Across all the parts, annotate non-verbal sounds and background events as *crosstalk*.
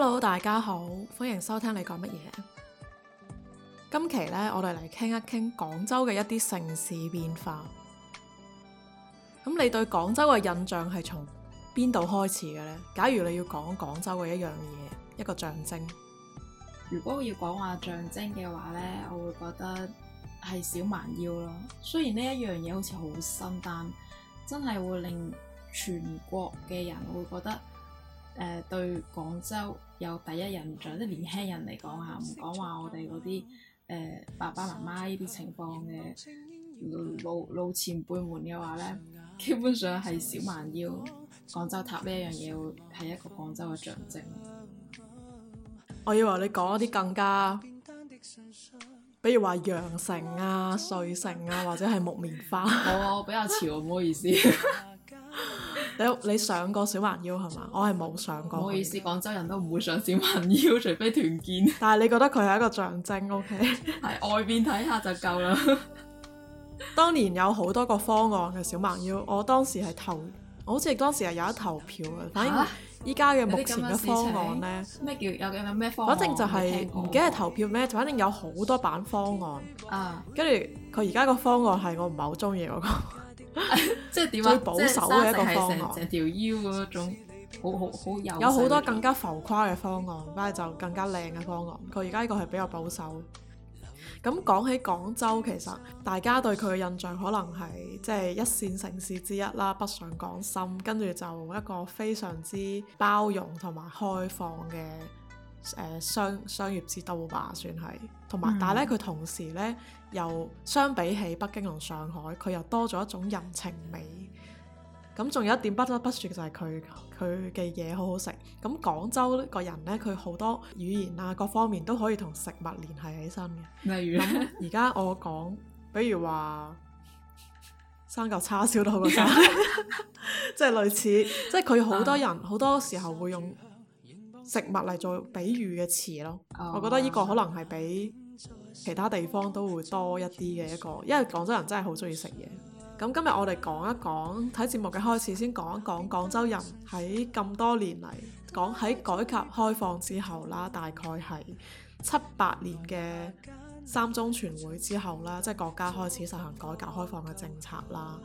hello，大家好，歡迎收聽你講乜嘢？今期呢，我哋嚟傾一傾廣州嘅一啲城市變化。咁你對廣州嘅印象係從邊度開始嘅呢？假如你要講廣州嘅一樣嘢，一個象徵，如果我要講話象徵嘅話呢，我會覺得係小蠻腰咯。雖然呢一樣嘢好似好新，但真係會令全國嘅人會覺得。誒、呃、對廣州有第一印象啲年輕人嚟講嚇，唔講話我哋嗰啲誒爸爸媽媽呢啲情況嘅老老前輩們嘅話咧，基本上係小蠻腰廣州塔呢一樣嘢會係一個廣州嘅象徵。我以為你講一啲更加，比如話羊城啊、穗城啊，或者係木棉花。 *laughs* 我比較潮，唔好意思。 *laughs* 你上過小蠻腰係嘛？我係冇上過。唔好意思，廣州人都唔會上小蠻腰，除非團建。 *laughs* 但係你覺得佢係一個象徵，OK？喺外邊睇下就夠啦。 *laughs* 當年有好多個方案嘅小蠻腰，我當時係投，我好似當時係有一投票嘅。啊、反正依家嘅目前嘅方案呢，咩叫有嘅咩？反正就係唔記得投票咩？反正有好多版方案。啊！跟住佢而家個方案係我唔係好中意嗰個。 *laughs* 即係點啊，最保守嘅一個方案，成條腰嗰種，好好好有。有好多更加浮誇嘅方案，翻嚟就更加靚嘅方案。佢而家呢個係比較保守。咁講起廣州，其實大家對佢嘅印象可能係即係一線城市之一啦，北上廣深，跟住就一個非常之包容同埋開放嘅誒、呃、商商業之都吧，算係。同埋，但係咧，佢同時咧。又相比起北京同上海，佢又多咗一種人情味。咁仲有一點不得不説嘅就係佢佢嘅嘢好好食。咁廣州個人呢，佢好多語言啊，各方面都可以同食物聯繫起身嘅。例如，而家我講，比如話生嚿叉燒都好過生。 *laughs* *laughs* 即係類似，即係佢好多人好、嗯、多時候會用食物嚟做比喻嘅詞咯。哦、我覺得呢個可能係比。其他地方都會多一啲嘅一個，因為廣州人真係好鍾意食嘢。咁今日我哋講一講，睇節目嘅開始先講一講廣州人喺咁多年嚟，講喺改革開放之後啦，大概係七八年嘅三中全會之後啦，即係國家開始實行改革開放嘅政策啦，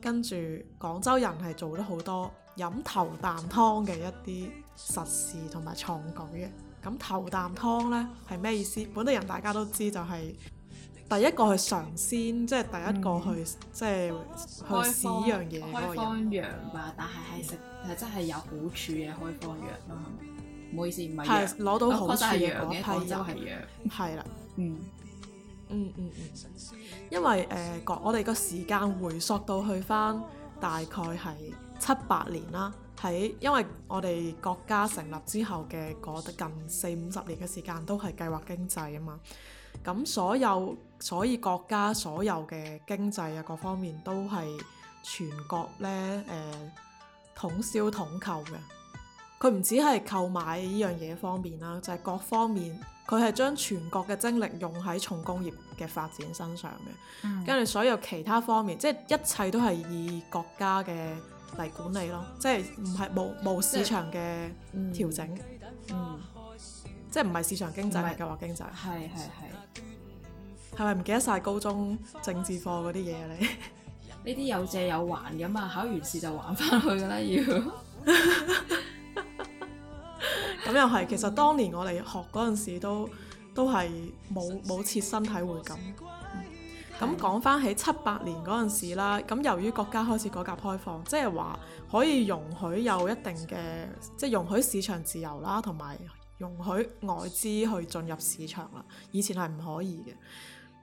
跟住廣州人係做咗好多飲頭啖湯嘅一啲實事同埋創舉嘅。咁頭啖湯咧係咩意思？本地人大家都知，就係第一個去嘗鮮，嗯、即係第一個去即係、就是、去試呢樣嘢。開方藥吧，但係係食係真係有好處嘅開方藥咯。唔、嗯、好意思，唔係攞到好處嘅藥就係、是、藥，係啦，嗯嗯嗯嗯，嗯，嗯，因為誒個、呃、我哋個時間回溯到去翻大概係七八年啦。喺因為我哋國家成立之後嘅得近四五十年嘅時間都係計劃經濟啊嘛，咁所有，所以國家所有嘅經濟啊各方面都係全國呢誒、欸、統銷統購嘅，佢唔止係購買呢樣嘢方面啦，就係、是、各方面佢係將全國嘅精力用喺重工業嘅發展身上嘅，跟住、嗯、所有其他方面，即、就、係、是、一切都係以國家嘅。嚟管理咯，即係唔係冇冇市場嘅調整，嗯，嗯即係唔係市場經濟，唔係計劃經濟，係係係，係咪唔記得晒高中政治課嗰啲嘢？你呢啲有借有還嘅嘛，考完試就還翻去㗎啦要。咁 *laughs* *laughs* *laughs* 又係，其實當年我哋學嗰陣時都、嗯、都係冇冇切身體會咁。咁講翻起七八年嗰陣時啦，咁由於國家開始改革開放，即係話可以容許有一定嘅，即係容許市場自由啦，同埋容許外資去進入市場啦。以前係唔可以嘅。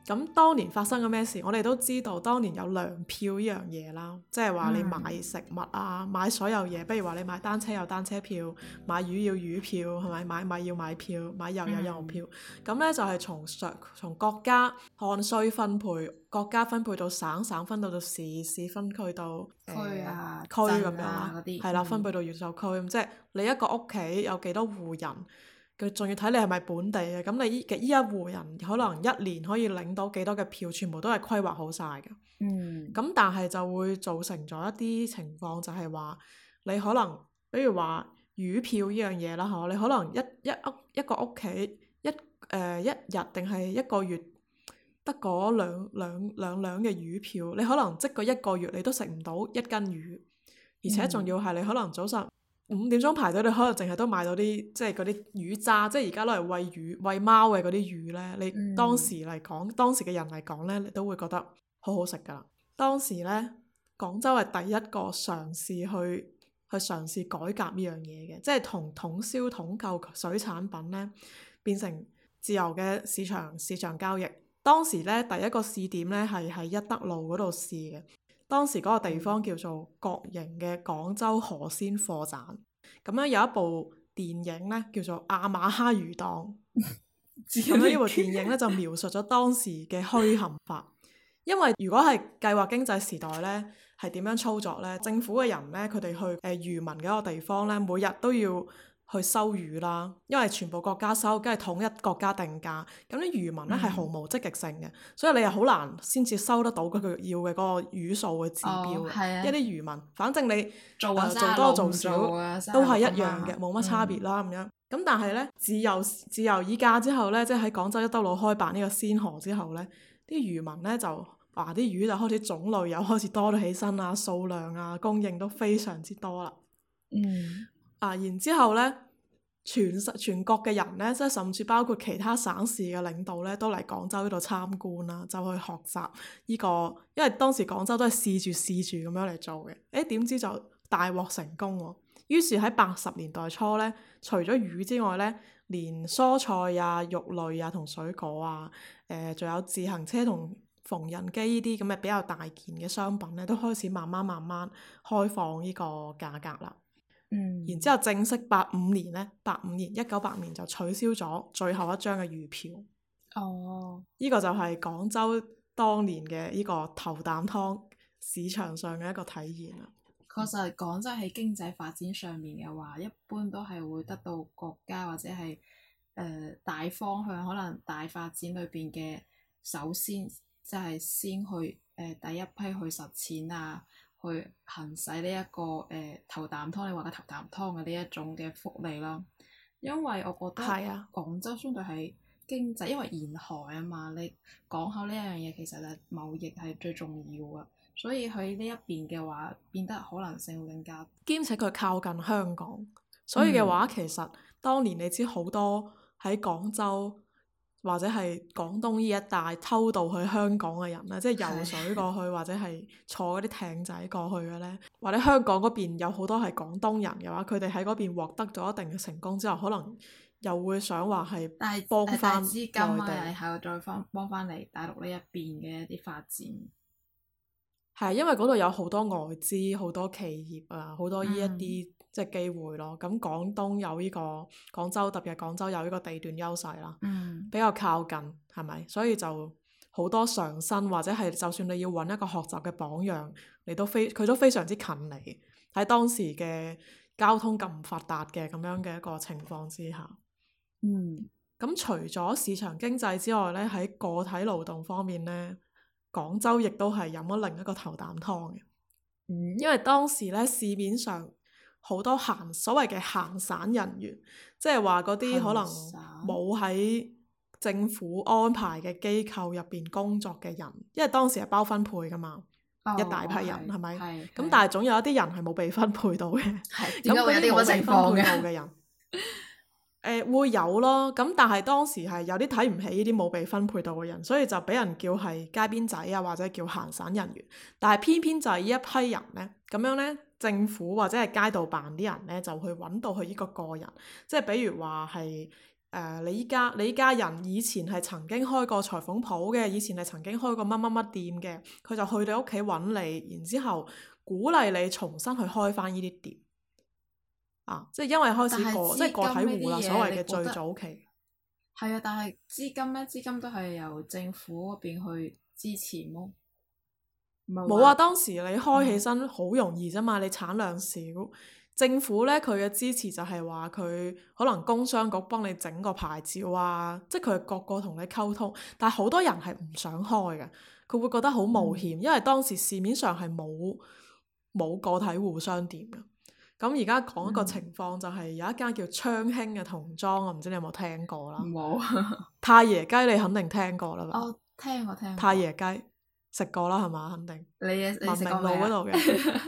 咁當年發生緊咩事？我哋都知道，當年有糧票呢樣嘢啦，即係話你買食物啊，買所有嘢，比如話你買單車有單車票，買魚要魚票，係咪？買米要買票，買油有油，油，油票。咁、嗯、呢，就係、是、從上從國家按需分配，國家分配到省，省分到到市，市分區到區啊區咁樣啊，係啦，分配到越秀區咁，嗯、即係你一個屋企有幾多戶人？佢仲要睇你係咪本地嘅，咁你呢嘅呢一戶人可能一年可以領到幾多嘅票，全部都係規劃好晒嘅。嗯。咁但係就會造成咗一啲情況就，就係話你可能，比如話魚票呢樣嘢啦，嗬，你可能一一屋一個屋企一誒、呃、一日定係一個月得嗰兩兩兩兩嘅魚票，你可能積嗰一個月你都食唔到一斤魚，而且仲要係你可能早晨。嗯五點鐘排隊，你可能淨係都買到啲，即係嗰啲魚渣，即係而家攞嚟餵魚、餵貓嘅嗰啲魚呢，你當時嚟講，嗯、當時嘅人嚟講呢，你都會覺得好好食噶啦。當時呢，廣州係第一個嘗試去去嘗試改革呢樣嘢嘅，即係同統銷統購水產品呢變成自由嘅市場市場交易。當時呢，第一個試點呢係喺一德路嗰度試嘅。當時嗰個地方叫做國營嘅廣州河鮮貨棧，咁樣有一部電影呢，叫做《雅馬哈魚檔》，咁 *laughs* 樣呢部電影呢，就描述咗當時嘅虛冧法。因為如果係計劃經濟時代呢，係點樣操作呢？政府嘅人呢，佢哋去誒、呃、漁民嘅個地方呢，每日都要去收魚啦，因為全部國家收，跟住統一國家定價，咁啲漁民呢係毫無積極性嘅，嗯、所以你又好難先至收得到嗰個要嘅嗰個魚數嘅指標。哦啊、一啲漁民，反正你做，我、呃、做多做少都係一樣嘅，冇乜、啊、差別啦咁、嗯、樣。咁但係呢，自由自由以價之後呢，即係喺廣州一德路開辦呢個先河之後呢，啲漁民呢就話啲、啊、魚就開始種類又開始多咗起身啦，數量啊供應都非常之多啦。嗯。啊，然之後呢，全全國嘅人呢，即係甚至包括其他省市嘅領導呢，都嚟廣州呢度參觀啦、啊，就去學習呢、呢個，因為當時廣州都係試住試住咁樣嚟做嘅。誒，點知就大獲成功喎、啊！於是喺八十年代初呢，除咗魚之外呢，連蔬菜啊、肉類啊同水果啊，誒、呃，仲有自行車同縫紉機呢啲咁嘅比較大件嘅商品呢，都開始慢慢慢慢開放呢個價格啦。嗯、然之後，正式八五年呢，八五年一九八五年就取消咗最後一張嘅糧票。哦，呢個就係廣州當年嘅呢個頭啖湯市場上嘅一個體現啦。確、嗯、實，廣州喺經濟發展上面嘅話，一般都係會得到國家或者係誒、呃、大方向，可能大發展裏邊嘅首先，即、就、係、是、先去誒、呃、第一批去實踐啊。去行使呢一個誒、呃、頭啖湯，你話嘅頭啖湯嘅呢一種嘅福利啦，因為我覺得係啊，廣州相對係經濟，因為沿海啊嘛，你港口呢一樣嘢其實就貿易係最重要啊，所以喺呢一邊嘅話變得可能性會更加。兼且佢靠近香港，所以嘅話、嗯、其實當年你知好多喺廣州。或者係廣東呢一帶偷渡去香港嘅人咧，即係游水過去， *laughs* 或者係坐嗰啲艇仔過去嘅呢。或者香港嗰邊有好多係廣東人嘅話，佢哋喺嗰邊獲得咗一定嘅成功之後，可能又會想話係幫翻內地，然、啊、再翻幫翻嚟大陸呢一邊嘅一啲發展。係、嗯，因為嗰度有好多外資、好多企業啊，好多呢一啲。即係機會咯，咁廣東有呢個，廣州，特別係廣州有呢個地段優勢啦，嗯、比較靠近，係咪？所以就好多上新或者係，就算你要搵一個學習嘅榜樣，你都非佢都非常之近你。喺當時嘅交通咁發達嘅咁樣嘅一個情況之下，嗯，咁除咗市場經濟之外呢，喺個體勞動方面呢，廣州亦都係飲咗另一個頭啖湯嘅。嗯，因為當時呢市面上好多閒所謂嘅閒散人員，即係話嗰啲可能冇喺政府安排嘅機構入邊工作嘅人，因為當時係包分配㗎嘛，哦、一大批人係咪？咁但係總有一啲人係冇被分配到嘅，咁嗰啲我哋分配到嘅人，誒、 *laughs* 呃、會有咯。咁但係當時係有啲睇唔起呢啲冇被分配到嘅人，所以就俾人叫係街邊仔啊，或者叫閒散人員。但係偏偏就係呢一批人呢，咁樣呢。 *laughs* 政府或者係街道辦啲人呢，就去揾到佢呢個個人，即係比如話係誒，你依家你依家人以前係曾經開過裁縫鋪嘅，以前係曾經開過乜乜乜店嘅，佢就去到你屋企揾你，然之後鼓勵你重新去開翻呢啲店啊！即係因為開始個即係個體戶啦，所謂嘅最早期係啊，但係資金呢，資金都係由政府嗰邊去支持咯。冇啊！當時你開起身好容易啫嘛，嗯、你產量少，政府呢，佢嘅支持就係話佢可能工商局幫你整個牌照啊，即係佢個個同你溝通。但係好多人係唔想開嘅，佢會覺得好冒險，嗯、因為當時市面上係冇冇個體戶商店嘅。咁而家講一個情況、嗯、就係有一間叫昌興嘅童裝，我唔知你有冇聽過啦？冇、嗯， *laughs* 太爺雞你肯定聽過啦吧？哦，聽過聽過。太爺雞。食過啦，係嘛？肯定文明路嗰度嘅，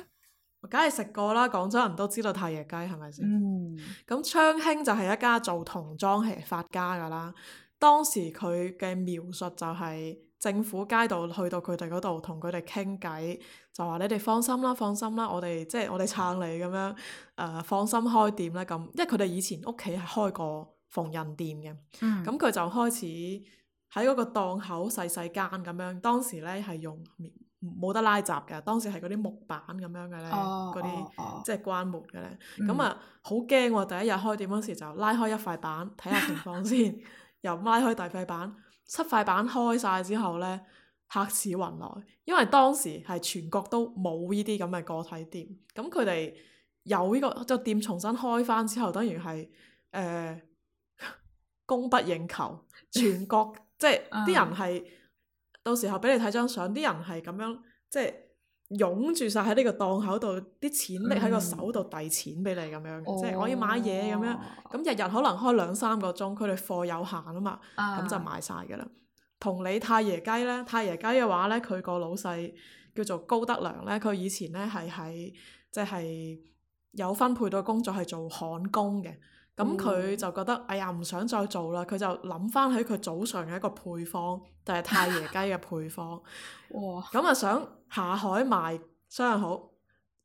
梗係食過啦。廣州人都知道太爺雞係咪先？咁、mm. 嗯嗯、昌興就係一家做童裝係發家噶啦。當時佢嘅描述就係政府街道去到佢哋嗰度同佢哋傾偈，就話你哋放心啦，放心啦，我哋即係我哋撐你咁樣誒、呃，放心開店啦。咁。因為佢哋以前屋企係開過縫紉店嘅，咁佢就開始。喺嗰個檔口細細間咁樣，當時呢係用冇得拉閘嘅，當時係嗰啲木板咁樣嘅呢，嗰啲即係關門嘅呢。咁啊、嗯，好驚喎！第一日開店嗰時就拉開一塊板，睇下情況先， *laughs* 又拉開第二塊板，七塊板開晒之後呢，客似雲來。因為當時係全國都冇呢啲咁嘅個體店，咁佢哋有呢、這個，就、這個、店重新開翻之後，當然係誒供不應求，全國。 *laughs* 即係啲人係，嗯、到時候俾你睇張相，啲人係咁樣，即係擁住晒喺呢個檔口度，啲錢搦喺個手度遞錢俾你咁樣，即係我要買嘢咁樣，咁日日可能開兩三個鐘，佢哋貨有限啊嘛，咁、嗯、就賣晒噶啦。同你太爺雞呢，太爺雞嘅話呢，佢個老細叫做高德良呢，佢以前呢係喺，即係、就是、有分配到工作係做焊工嘅。咁佢就覺得哎呀，唔想再做啦，佢就諗翻起佢早上嘅一個配方，就係太爺雞嘅配方。哇！咁啊想下海賣，生意好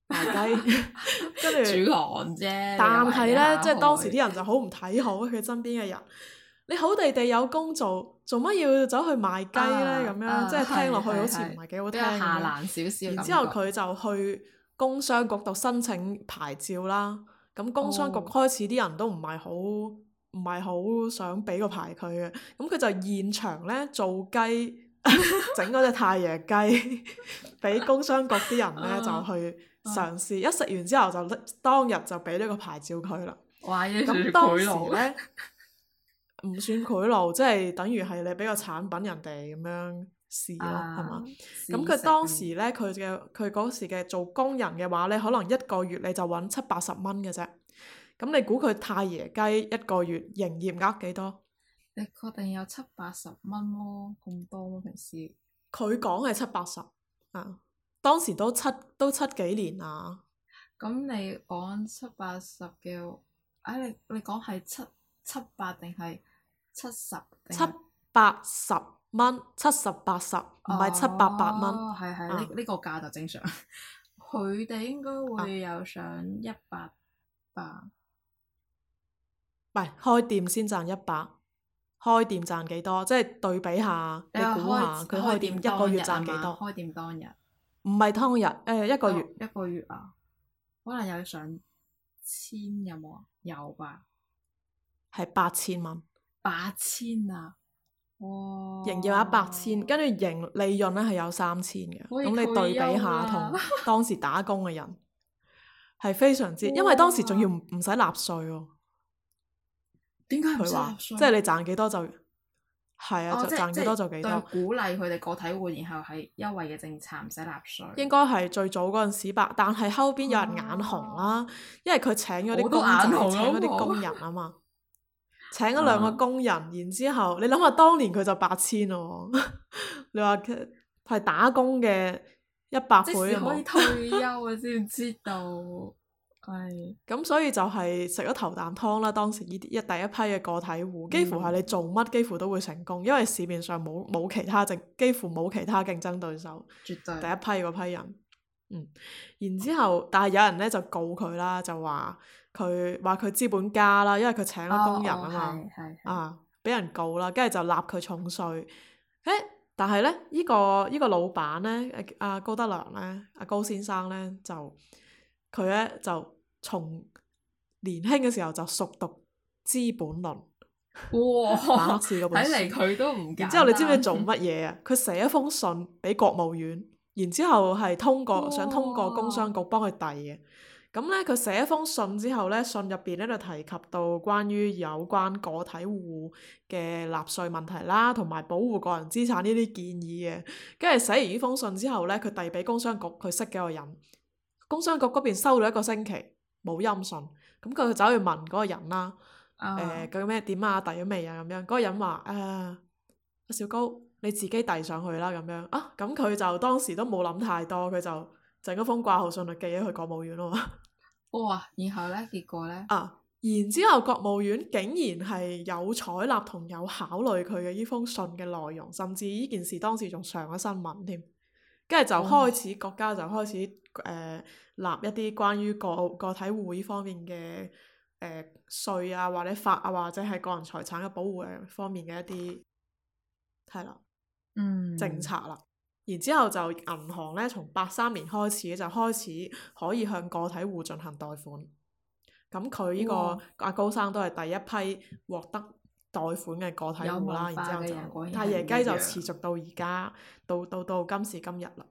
賣雞，跟住煮啫。但係呢，即係當時啲人就好唔睇好佢，身邊嘅人。你好地地有工做，做乜要走去賣雞呢？咁樣即係聽落去好似唔係幾好聽。啲下欄少少。然之後佢就去工商局度申請牌照啦。咁工商局開始啲人都唔係好唔係好想俾個牌佢嘅，咁佢就現場呢做雞，整嗰隻太爺雞，俾 *laughs* 工商局啲人呢 oh. Oh. 就去嘗試，一食完之後就當日就俾呢個牌照佢啦。咁、oh. oh. 當時呢，唔 *laughs* 算賄賂，即、就、係、是、等於係你俾個產品人哋咁樣。事咯，係嘛？咁佢當時咧，佢嘅佢嗰時嘅做工人嘅話咧，你可能一個月你就揾七八十蚊嘅啫。咁你估佢太爺雞一個月營業額幾多？你確定有七八十蚊咯？咁多咯？平時、啊？佢講係七八十，啊！當時都七都七幾年啦。咁你講七八十嘅，哎，你你講係七七八定係七十？七八十。蚊七十八十，唔係七八百蚊，呢呢個價就正常。佢哋應該會有上一百八。唔係開店先賺一百，開店賺幾多？即係對比下，你估下佢開店一個月賺幾多？開店當日唔係當日，誒一個月一個月啊，可能有上千有冇？有吧？係八千蚊，八千啊！哇！Wow. 營業一百千，跟住營利潤咧係有三千嘅。可以退休啊！咁你對比下同當時打工嘅人，係 *laughs* 非常之，因為當時仲要唔唔使納稅喎。點解佢話即係你賺幾多就係啊？Oh, 就賺幾多就幾多。鼓勵佢哋個體戶，然後係優惠嘅政策，唔使納稅。應該係最早嗰陣時，但係後邊有人眼紅啦、啊，Wow. 因為佢請咗啲工，都眼紅，就係請嗰啲工人啊嘛。 *laughs* 請咗兩個工人，啊、然之後你諗下，當年佢就八千喎。你話佢係打工嘅一百倍有冇？即係可以退休啊！知唔 *laughs* 知道？係。咁所以就係食咗頭啖湯啦。當時呢啲一第一批嘅個體戶，幾乎係你做乜，幾乎都會成功，因為市面上冇冇其他，淨幾乎冇其他競爭對手。絕對。第一批嗰批人。嗯，然之後，但係有人咧就告佢啦，就話佢話佢資本家啦，因為佢請咗工人、oh, yes, yes, yes. 啊嘛、這個這個，啊，俾人告啦，跟住就立佢重稅。但係咧呢個呢個老闆咧，阿高德良咧，阿、啊、高先生咧就佢咧就從年輕嘅時候就熟讀《資本論》oh, *laughs* 本。哇、 *laughs* 啊！睇嚟佢都唔。然之後你知唔知做乜嘢啊？佢 *laughs* 寫一封信俾國務院。然之後係通過哇想通過工商局幫佢遞嘅。咁呢，佢寫一封信之後呢，信入邊呢就提及到關於有關個體戶嘅納稅問題啦，同埋保護個人資產呢啲建議嘅。跟住寫完呢封信之後呢，佢遞俾工商局佢識嘅個人，工商局嗰邊收咗一個星期冇音訊，咁佢就走去問嗰個人啦，誒，嗰咩點啊，遞咗未啊？咁樣，嗰、嗰個人話阿、啊、小高。你自己遞上去啦，咁樣啊，咁佢就當時都冇諗太多，佢就整一封掛號信嚟寄咗去國務院咯。哇、哦！然後呢，結果呢？啊，然之後國務院竟然係有採納同有考慮佢嘅呢封信嘅內容，甚至呢件事當時仲上咗新聞添。跟住就開始、嗯、國家就開始誒、呃、立一啲關於個個體戶呢方面嘅誒、呃、稅啊，或者法啊，或者係個人財產嘅保護嘅方面嘅一啲係啦。嗯，政策啦，然之後就銀行呢，從八三年開始就開始可以向個體戶進行貸款。咁佢呢個阿、哦、高生都係第一批獲得貸款嘅個體戶啦。然之後就，太爺雞就持續到而家，到到到今時今日啦。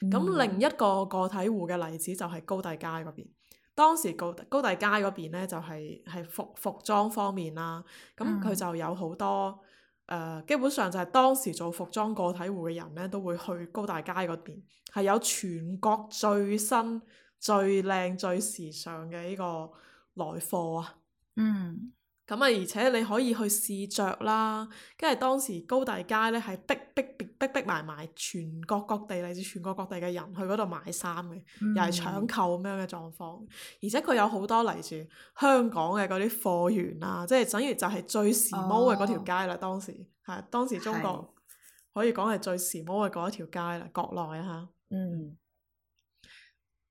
咁、嗯、另一個個體戶嘅例子就係高第街嗰邊。當時高高第街嗰邊呢、就是，就係係服服裝方面啦。咁佢就有好多、嗯。誒、uh, 基本上就係當時做服裝個體戶嘅人呢，都會去高大街嗰邊，係有全國最新、最靚、最時尚嘅呢個來貨啊。嗯。咁啊，而且你可以去試着啦，跟住當時高大街呢係逼逼。逼逼埋埋，全國各地嚟自全國各地嘅人去嗰度買衫嘅，嗯、又係搶購咁樣嘅狀況。而且佢有好多嚟自香港嘅嗰啲貨源啊，即係等於就係、是、最時髦嘅嗰條街啦。哦、當時係當時中國可以講係最時髦嘅嗰一條街啦，國內啊嚇。嗯，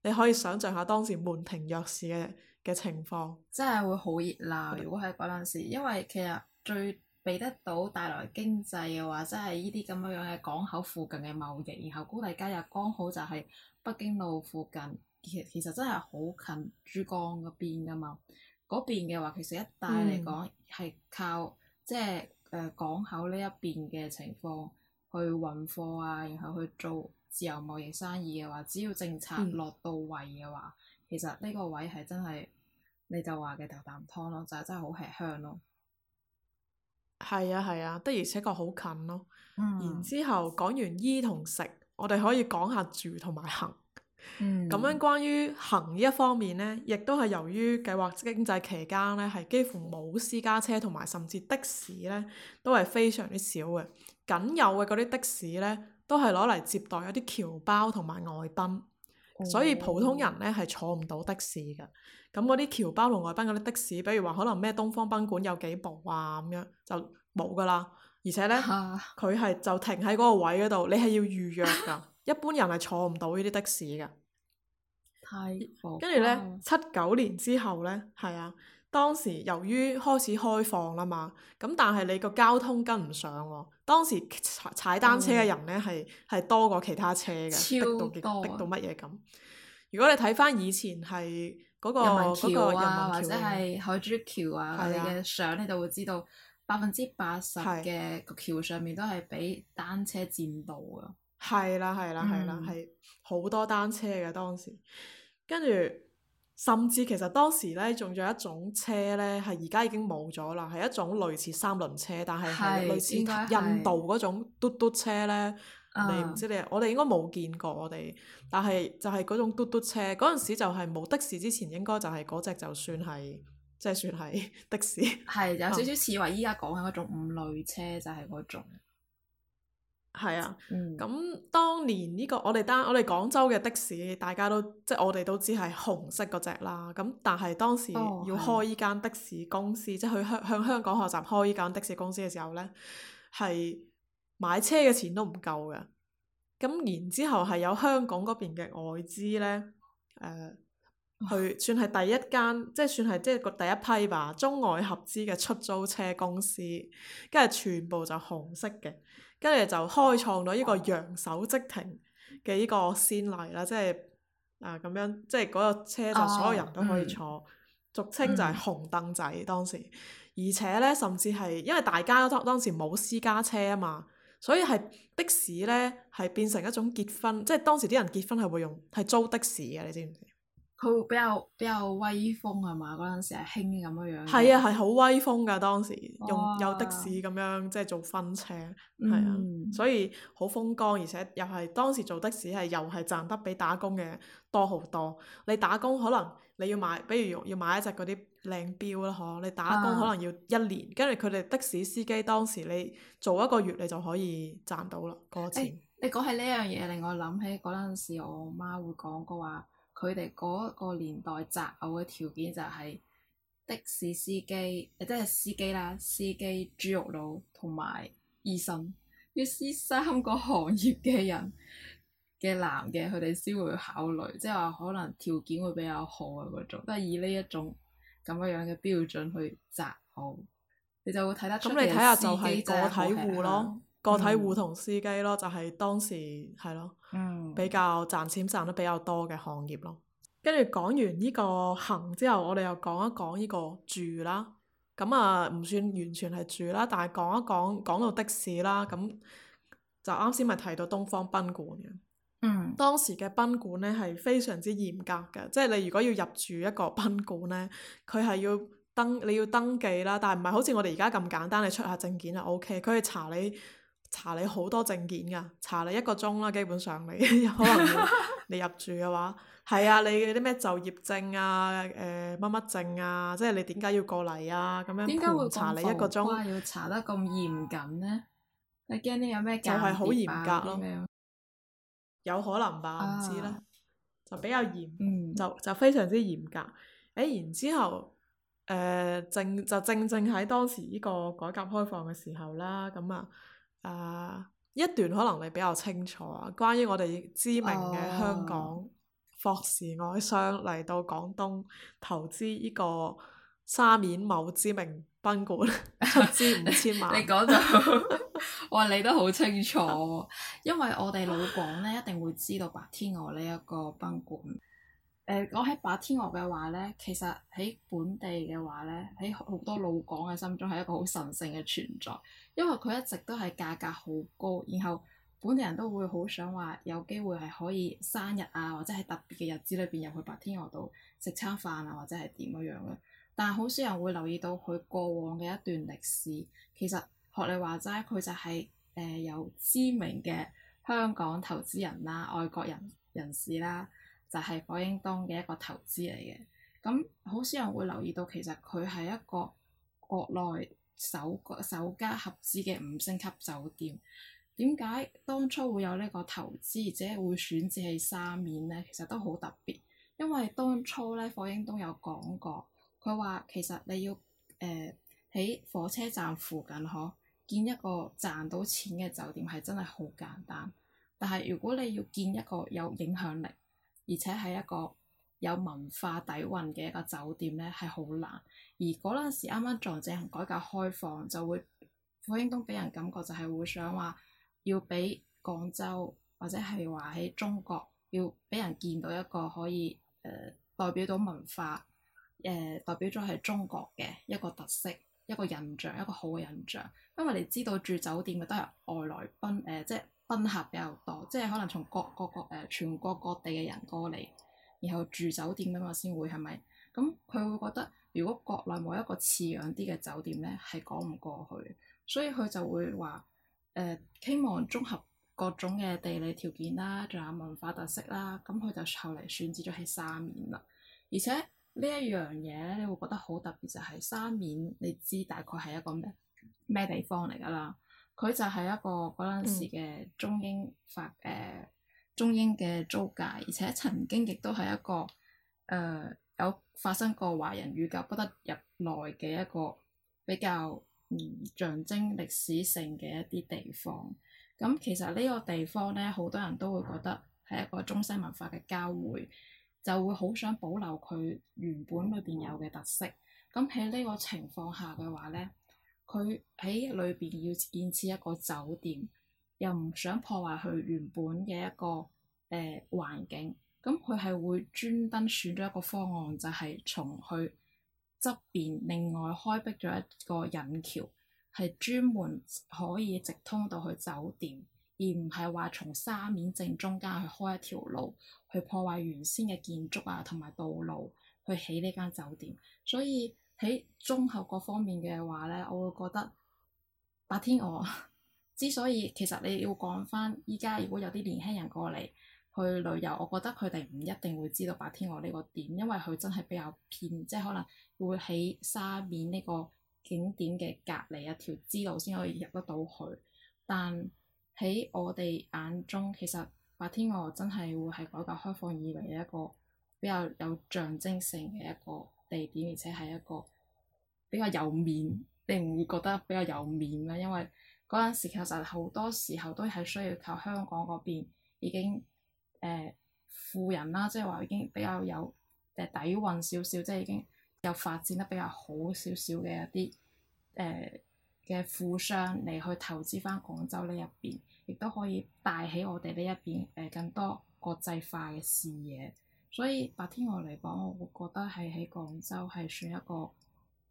你可以想象下當時門庭若市嘅嘅情況，真係會好熱鬧。如果喺嗰陣時，因為其實最俾得到帶來經濟嘅話，即係呢啲咁樣樣嘅港口附近嘅貿易，然後高第街又剛好就係北京路附近，其其實真係好近珠江嗰邊㗎嘛。嗰邊嘅話，其實一帶嚟講係靠即係誒、呃、港口呢一邊嘅情況去運貨啊，然後去做自由貿易生意嘅話，只要政策落到位嘅話，嗯、其實呢個位係真係你就話嘅頭啖湯咯，就係、是、真係好吃香咯。係啊係啊，的而且確好近咯、哦。Mm. 然之後講完衣同食，我哋可以講下住同埋行。咁、mm. 樣關於行呢一方面呢，亦都係由於計劃經濟期間呢，係幾乎冇私家車同埋甚至的士呢，都係非常之少嘅。僅有嘅嗰啲的士呢，都係攞嚟接待一啲僑胞同埋外賓，所以普通人呢係坐唔到的士嘅，咁嗰啲僑胞同外賓嗰啲的士，比如話可能咩東方賓館有幾部啊，咁樣就冇噶啦，而且呢，佢係 *laughs* 就停喺嗰個位嗰度，你係要預約噶，一般人係坐唔到呢啲的士噶。跟住 *laughs* 呢，七九年之後呢，係啊。當時由於開始開放啦嘛，咁但係你個交通跟唔上喎、啊。當時踩踩單車嘅人呢，係係、嗯、多過其他車嘅，超多逼到乜嘢咁。如果你睇翻以前係嗰、那個嗰、啊、個人民橋啊或者係海珠橋啊，嘅相你就會知道百分之八十嘅橋上面都係俾單車佔道啊。係啦係啦係啦係，好、啊啊啊啊啊啊、多單車嘅當時，跟、嗯、住。甚至其實當時呢，仲有一種車呢，係而家已經冇咗啦，係一種類似三輪車，但係係類似印度嗰種嘟嘟車呢。你唔知、啊、你，我哋應該冇見過我哋。但係就係嗰種嘟嘟車，嗰陣時就係冇的士之前，應該就係嗰隻就算係，即係算係的士。係有少少似話，依家講緊嗰種五類車，就係嗰種。係啊，咁、嗯、當年呢個我哋單我哋廣州嘅的，的士，大家都即係我哋都知係紅色嗰隻啦。咁但係當時要開呢間的士公司，哦、即係去香向香港學習開呢間的士公司嘅時候呢，係買車嘅錢都唔夠㗎。咁然之後係有香港嗰邊嘅外資呢，誒、呃，去算係第一間，哇即係算係即係個第一批吧，中外合資嘅出租車公司，跟住全部就紅色嘅。跟住就開創咗呢個揚手即停嘅呢個先例啦，即係啊咁樣，即係嗰個車就所有人都可以坐，啊嗯、俗稱就係紅凳仔當時。而且呢，甚至係因為大家都當時冇私家車啊嘛，所以係的士呢係變成一種結婚，即係當時啲人結婚係會用係租的士嘅，你知唔知？佢比較比較威風係嘛？嗰陣時係興咁樣。係啊，係好威風㗎！當時用有的士咁樣即係做婚車，係啊，啊，所以好風光，而且又係當時做的士係又係賺得比打工嘅多好多。你打工可能你要買，比如用要買一隻嗰啲靚表啦，可你打工、啊、可能要一年。跟住佢哋的士司機當時你做一個月，你就可以賺到啦。嗰次、欸、你講起呢樣嘢，令我諗起嗰陣時，我媽會講個話。佢哋嗰個年代擇偶嘅條件就係的士司機，誒即係司機啦，司機、豬肉佬同埋醫生，要呢三個行業嘅人嘅男嘅，佢哋先會考慮，即係話可能條件會比較好嘅嗰種，都係以呢一種咁樣樣嘅標準去擇偶，你就會睇得出，咁你睇下自己個體戶咯。個體戶同司機咯，嗯、就係當時係咯，嗯、比較賺錢賺得比較多嘅行業咯。跟住講完呢個行之後，我哋又講一講呢個住啦。咁啊，唔算完全係住啦，但係講一講講到的士啦，咁就啱先咪提到東方賓館嘅。嗯。當時嘅賓館呢係非常之嚴格嘅，即係你如果要入住一個賓館呢，佢係要登你要登記啦，但係唔係好似我哋而家咁簡單，你出下證件就 OK。佢係查你。查你好多證件噶，查你一個鐘啦，基本上你可能你入住嘅話，係 *laughs* 啊，你啲咩就業證啊，誒乜乜證啊，即係你點解要過嚟啊？咁樣盤查你一個鐘，要查得咁嚴謹呢？你驚啲有咩？就係好嚴格咯，啊、有可能吧？唔知啦，就比較嚴，嗯、就就非常之嚴格。誒、欸，然之後誒、呃、正就正正喺當時呢個改革開放嘅時候啦，咁啊。.誒、uh, 一段可能你比較清楚，關於我哋知名嘅香港、oh. 霍氏外商嚟到廣東投資呢個沙面某知名賓館，投資五千萬。 *laughs* 你講到， *laughs* 哇！你都好清楚， *laughs* 因為我哋老廣呢，一定會知道白天鵝呢一個賓館。誒，講喺、呃、白天鵝嘅話咧，其實喺本地嘅話咧，喺好多老廣嘅心中係一個好神聖嘅存在，因為佢一直都係價格好高，然後本地人都會好想話有機會係可以生日啊，或者喺特別嘅日子裏邊入去白天鵝度食餐飯啊，或者係點樣樣嘅。但係好少人會留意到佢過往嘅一段歷史。其實學你話齋，佢就係、是、誒、呃、有知名嘅香港投資人啦、啊、外國人人士啦、啊。就係霍英東嘅一個投資嚟嘅，咁好少人會留意到，其實佢係一個國內首首家合資嘅五星級酒店。點解當初會有呢個投資，而且會選擇喺沙面呢？其實都好特別，因為當初咧霍英東有講過，佢話其實你要誒喺、呃、火車站附近，呵，建一個賺到錢嘅酒店係真係好簡單，但係如果你要建一個有影響力。而且係一個有文化底蘊嘅一個酒店咧，係好難。而嗰陣時啱啱在進行改革開放，就會霍英東俾人感覺就係會想話要畀廣州或者係話喺中國要畀人見到一個可以誒、呃、代表到文化，誒、呃、代表咗係中國嘅一個特色、一個印象、一個好嘅印象。因為你知道住酒店嘅都係外來賓，誒、呃、即係。混合比較多，即係可能從各各國、呃、全國各地嘅人過嚟，然後住酒店咁啊，先會係咪？咁佢會覺得如果國內冇一個似樣啲嘅酒店咧，係講唔過去，所以佢就會話誒、呃、希望綜合各種嘅地理條件啦，仲有文化特色啦，咁佢就後嚟選址咗係沙面啦。而且呢一樣嘢你會覺得好特別，就係、是、沙面。你知大概係一個咩咩地方嚟㗎啦。佢就係一個嗰陣時嘅中英法誒、呃、中英嘅租界，而且曾經亦都係一個誒、呃、有發生過華人與狗不得入內嘅一個比較嗯象徵歷史性嘅一啲地方。咁其實呢個地方咧，好多人都會覺得係一個中西文化嘅交匯，就會好想保留佢原本裏邊有嘅特色。咁喺呢個情況下嘅話咧。佢喺裏邊要建設一個酒店，又唔想破壞佢原本嘅一個誒環境，咁佢係會專登選咗一個方案，就係從佢側邊另外開辟咗一個引橋，係專門可以直通到去酒店，而唔係話從沙面正中間去開一條路，去破壞原先嘅建築啊同埋道路去起呢間酒店，所以，喺綜合各方面嘅話咧，我會覺得白天鵝之所以，其實你要講翻依家如果有啲年輕人過嚟去旅遊，我覺得佢哋唔一定會知道白天鵝呢個點，因為佢真係比較偏，即係可能會喺沙面呢個景點嘅隔離一條支路先可以入得到去。但喺我哋眼中，其實白天鵝真係會係改革開放以嚟嘅一個比較有象徵性嘅一個地點，而且係一個。比較有面，你唔會覺得比較有面咩？因為嗰陣時其實好多時候都係需要靠香港嗰邊已經誒、呃、富人啦，即係話已經比較有誒、呃、底蘊少少，即係已經有發展得比較好少少嘅一啲誒嘅富商嚟去投資翻廣州呢一邊，亦都可以帶起我哋呢一邊誒、呃、更多國際化嘅視野。所以白天鵝嚟講，我覺得係喺廣州係算一個，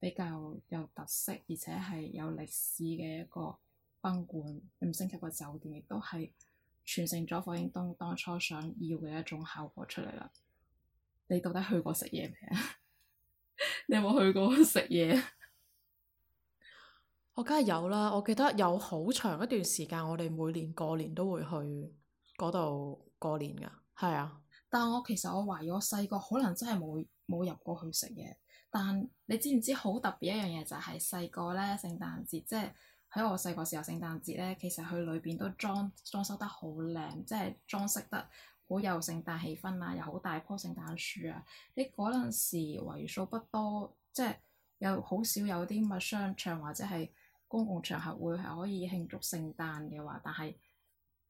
比較有特色，而且係有歷史嘅一個賓館，五星級嘅酒店，亦都係傳承咗霍英東當初想要嘅一種效果出嚟啦。你到底去過食嘢未啊？ *laughs* 你有冇去過食嘢？我梗係有啦，我記得有好長一段時間，我哋每年過年都會去嗰度過年㗎。係啊，但我其實我懷疑我細個可能真係冇冇入過去食嘢。但你知唔知好特別一樣嘢就係細個咧聖誕節，即係喺我細個時候聖誕節咧，其實佢裏邊都裝裝修得好靚，即係裝飾得好有聖誕氣氛啊，又好大棵聖誕樹啊！喺嗰陣時為數不多，即係有好少有啲乜商場或者係公共場合會係可以慶祝聖誕嘅話，但係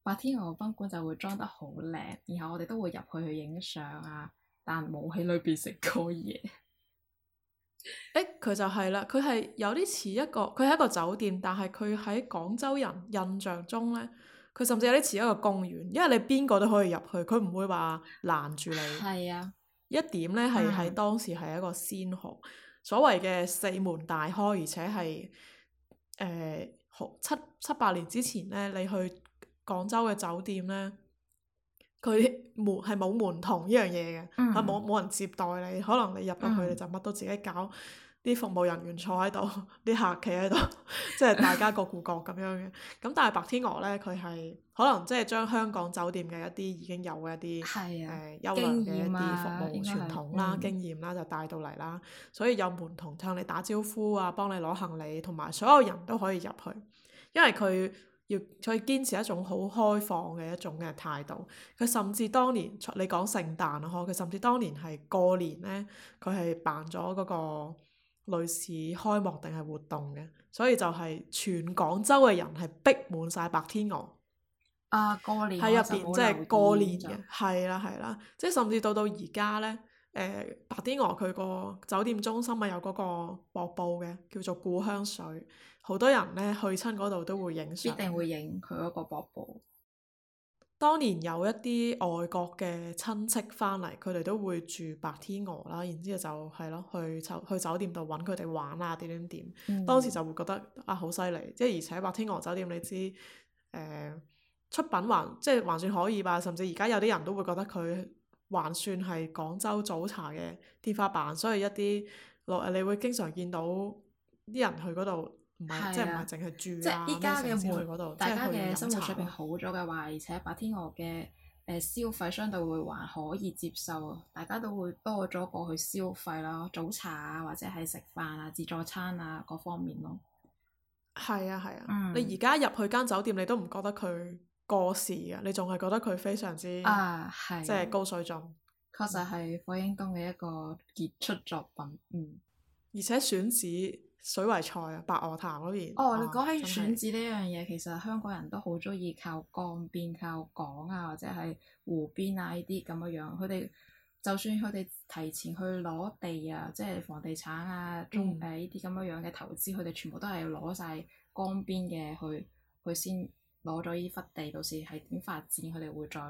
白天鵝賓館就會裝得好靚，然後我哋都會入去去影相啊，但冇喺裏邊食過嘢。誒，佢、欸、就係啦，佢係有啲似一個，佢係一個酒店，但係佢喺廣州人印象中呢，佢甚至有啲似一個公園，因為你邊個都可以入去，佢唔會話攔住你。係是啊，一點呢係喺當時係一個先河，是啊、所謂嘅四門大開，而且係誒好七七八年之前呢，你去廣州嘅酒店呢。佢門係冇門童依樣嘢嘅，嚇冇冇人接待你，可能你入到去你就乜都自己搞，啲服務人員坐喺度，啲客企喺度，即係大家各顧各咁樣嘅。咁 *laughs* 但係白天鵝呢，佢係可能即係將香港酒店嘅一啲已經有嘅一啲誒、啊呃、優良嘅一啲服務、啊、傳統啦、經驗啦就帶到嚟啦，所以有門童向你打招呼啊，幫你攞行李，同埋所有人都可以入去，因為佢。要再堅持一種好開放嘅一種嘅態度，佢甚至當年，你講聖誕咯，佢甚至當年係過年呢，佢係辦咗嗰個類似開幕定係活動嘅，所以就係全廣州嘅人係逼滿晒白天鵝。啊！過年喺入邊即係過年嘅，係啦係啦，即係甚至到到而家呢，誒白天鵝佢個酒店中心咪有嗰個瀑布嘅，叫做故鄉水。好多人咧去親嗰度都會影相，一定會影佢嗰個瀑布。當年有一啲外國嘅親戚翻嚟，佢哋都會住白天鵝啦，然之後就係咯去酒去酒店度揾佢哋玩啊點點點。當時就會覺得啊好犀利，即係而且白天鵝酒店你知、呃、出品還即係還算可以吧，甚至而家有啲人都會覺得佢還算係廣州早茶嘅天花板，所以一啲落你會經常見到啲人去嗰度。係啊，即係依家嘅度，類類類大家嘅生活水平好咗嘅話，而且白天鵝嘅誒、呃、消費相對會還可以接受，大家都會多咗過去消費咯，早茶啊，或者係食飯啊、自助餐啊各方面咯。係啊，係啊，嗯、你而家入去間酒店，你都唔覺得佢過時啊，你仲係覺得佢非常之，即係高水準。確實係霍英東嘅一個傑出作品，嗯，而且選址。水圍菜啊，白鵝潭嗰邊。哦，啊、你講起選址呢樣嘢，是其實香港人都好中意靠江邊、靠港啊，或者係湖邊啊呢啲咁嘅樣。佢哋就算佢哋提前去攞地啊，即係房地產啊，誒呢啲咁嘅樣嘅投資，佢哋、嗯、全部都係攞晒江邊嘅去，去先攞咗呢忽地，到時係點發展，佢哋會再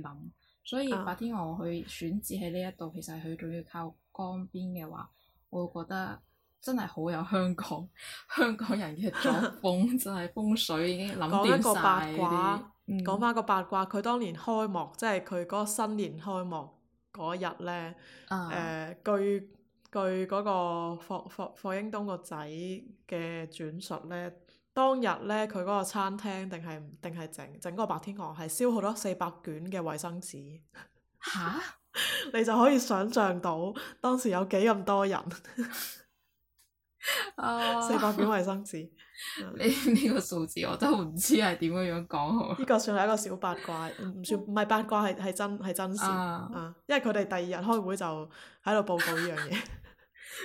諗。所以白天鵝去選址喺呢一度，啊、其實佢仲要靠江邊嘅話，我覺得。真係好有香港香港人嘅作風， *laughs* 真係風水已經諗掂晒啲。講一個八卦，講翻、嗯、個八卦，佢當年開幕，即係佢嗰個新年開幕嗰日呢，誒、啊呃，據據嗰、那個霍霍霍、霍英東個仔嘅轉述呢，當日呢，佢嗰個餐廳定係定係整整個白天鵝，係消耗咗四百卷嘅衛生紙。吓、啊！ *laughs* 你就可以想象到當時有幾咁多人。 *laughs* 四百卷衛生紙，呢呢你、嗯、個數字我真係唔知係點樣樣講好。呢個算係一個小八卦，唔算唔係八卦，係係真係真事啊、嗯！因為佢哋第二日開會就喺度報告呢樣嘢。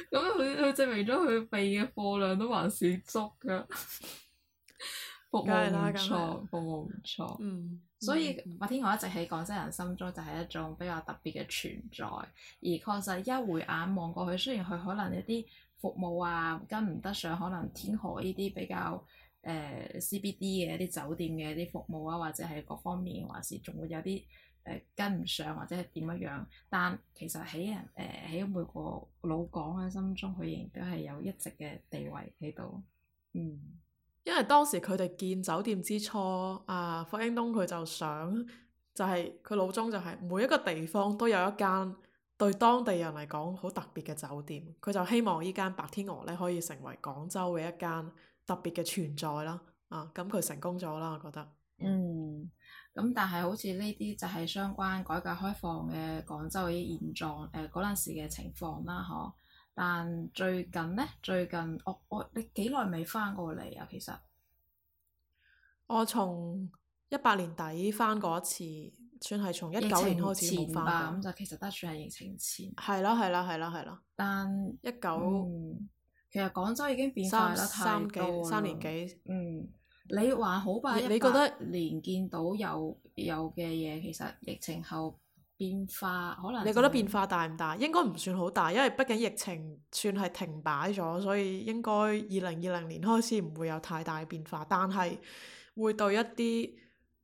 咁佢佢證明咗佢備嘅貨量都還是足㗎。 *laughs* 服務唔錯，梗係服務唔錯。嗯。所以白天鵝一直喺廣西人心中就係一種比較特別嘅存在，而確實一回眼望過去，雖然佢可能一啲服務啊跟唔得上，可能天河呢啲比較誒、呃、CBD 嘅一啲酒店嘅一啲服務啊，或者係各方面，還是仲會有啲誒跟唔上或者係點樣樣，但其實喺人誒喺每個老廣嘅心中，佢仍然都係有一直嘅地位喺度，嗯。因為當時佢哋建酒店之初，啊霍英東佢就想、就是，就係佢腦中就係、是、每一個地方都有一間對當地人嚟講好特別嘅酒店，佢就希望呢間白天鵝呢可以成為廣州嘅一間特別嘅存在啦，啊咁佢成功咗啦，我覺得。嗯，咁但係好似呢啲就係相關改革開放嘅廣州嘅現狀，誒嗰陣時嘅情況啦，嗬。但最近呢，最近我我、哦哦、你幾耐未翻過嚟啊？其實我從一八年底翻過一次，算係從一九年開始冇翻。咁就其實得算係疫情前。係囉係囉係囉係囉。但一九、嗯嗯、其實廣州已經變化得太多啦。三年幾？嗯，嗯你還好吧？一八年見到有有嘅嘢，其實疫情後。變化可能、就是、你覺得變化大唔大？應該唔算好大，因為畢竟疫情算係停擺咗，所以應該二零二零年開始唔會有太大嘅變化。但係會對一啲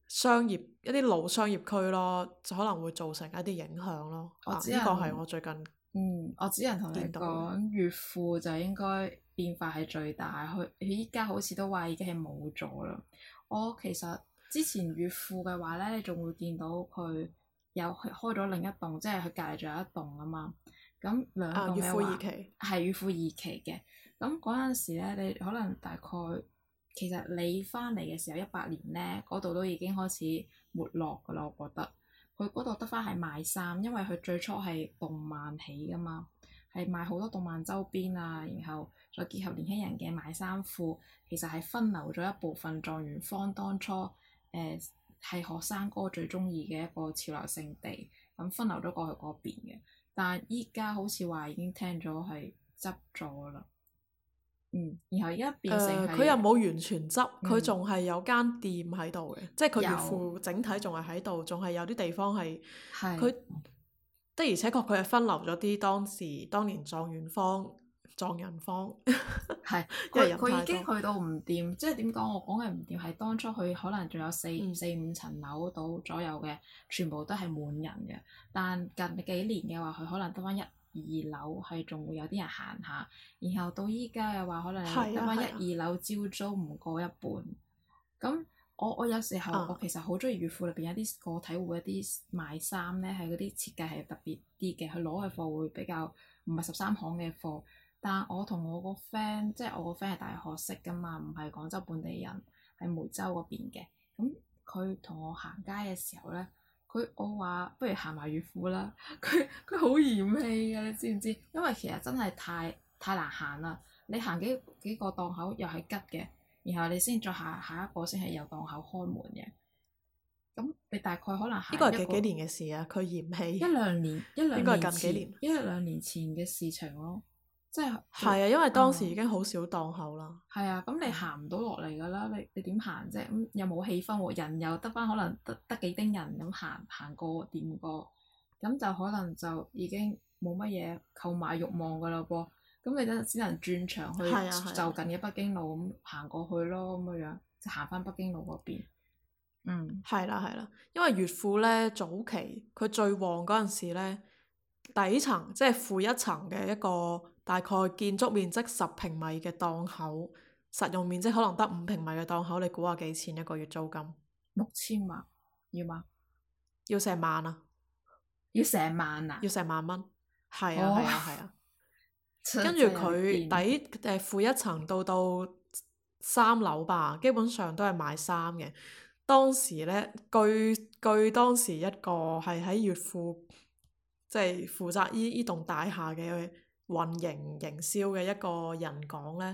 商業一啲老商業區咯，就可能會造成一啲影響咯。我只不過係我最近，嗯，我只能同你講，越富就應該變化係最大。佢佢依家好似都話已經係冇咗啦。我、哦、其實之前越富嘅話咧，你仲會見到佢。又開咗另一棟，即係佢隔籬仲有一棟啊嘛。咁兩棟嘅話係越富二期嘅。咁嗰陣時咧，你可能大概其實你翻嚟嘅時候，一百年咧，嗰度都已經開始沒落噶啦。我覺得佢嗰度得翻係賣衫，因為佢最初係動漫起噶嘛，係賣好多動漫周邊啊，然後再結合年輕人嘅買衫褲，其實係分流咗一部分狀元坊當初誒。呃係學生哥最中意嘅一個潮流勝地，咁分流咗過去嗰邊嘅，但係依家好似話已經聽咗係執咗啦。嗯。然後依家變成。佢、呃、又冇完全執，佢仲係有間店喺度嘅，即係佢條褲整體仲係喺度，仲係有啲地方係。係。佢的而且確，佢係分流咗啲當時當年狀元坊。撞人方係佢佢已經去到唔掂，即係點講？我講嘅唔掂係當初佢可能仲有四、嗯、四五層樓到左右嘅，全部都係滿人嘅。但近幾年嘅話，佢可能得翻一二樓係仲會有啲人行下，然後到依家嘅話，可能得翻一二樓招租唔過一半。咁我、啊、我有時候、啊、我其實好中意越富入邊一啲個體戶一啲賣衫咧，係嗰啲設計係特別啲嘅，佢攞嘅貨會比較唔係十三行嘅貨。但我同我個 friend，即係我個 friend 係大學識噶嘛，唔係廣州本地人，喺梅州嗰邊嘅。咁佢同我行街嘅時候咧，佢我話不如行埋越富啦。佢佢好嫌棄嘅，你知唔知？因為其實真係太太難行啦。你行幾幾個檔口又係吉嘅，然後你先再下下一個先係有檔口開門嘅。咁你大概可能呢個係幾，幾年嘅事啊？佢嫌棄一兩年一兩年應該係近幾年一兩年前嘅事情咯。即係，係啊，因為當時已經好少檔口啦。係、嗯、啊，咁你行唔到落嚟噶啦，你你點行啫？咁又冇氣氛喎，人又得翻可能得得幾丁人咁行行過店過，咁就可能就已經冇乜嘢購買欲望噶啦噃。咁你就只能轉場去， *music* 去就近嘅北京路咁行過去咯，咁嘅樣，就行翻北京路嗰邊。嗯，係啦係啦，因為越富咧早期佢最旺嗰陣時咧，底層即係負一層嘅一個。大概建築面積十平米嘅檔口，實用面積可能得五平米嘅檔口，你估下幾錢一個月租金？六千萬要嗎？要成萬,萬啊！要成萬啊！要成萬蚊，係啊係啊係啊。跟住佢底誒，負 *laughs* 一層到到三樓吧，基本上都係賣衫嘅。當時呢，據據當時一個係喺越富，即係負責呢呢棟大廈嘅。運營營銷嘅一個人講、呃、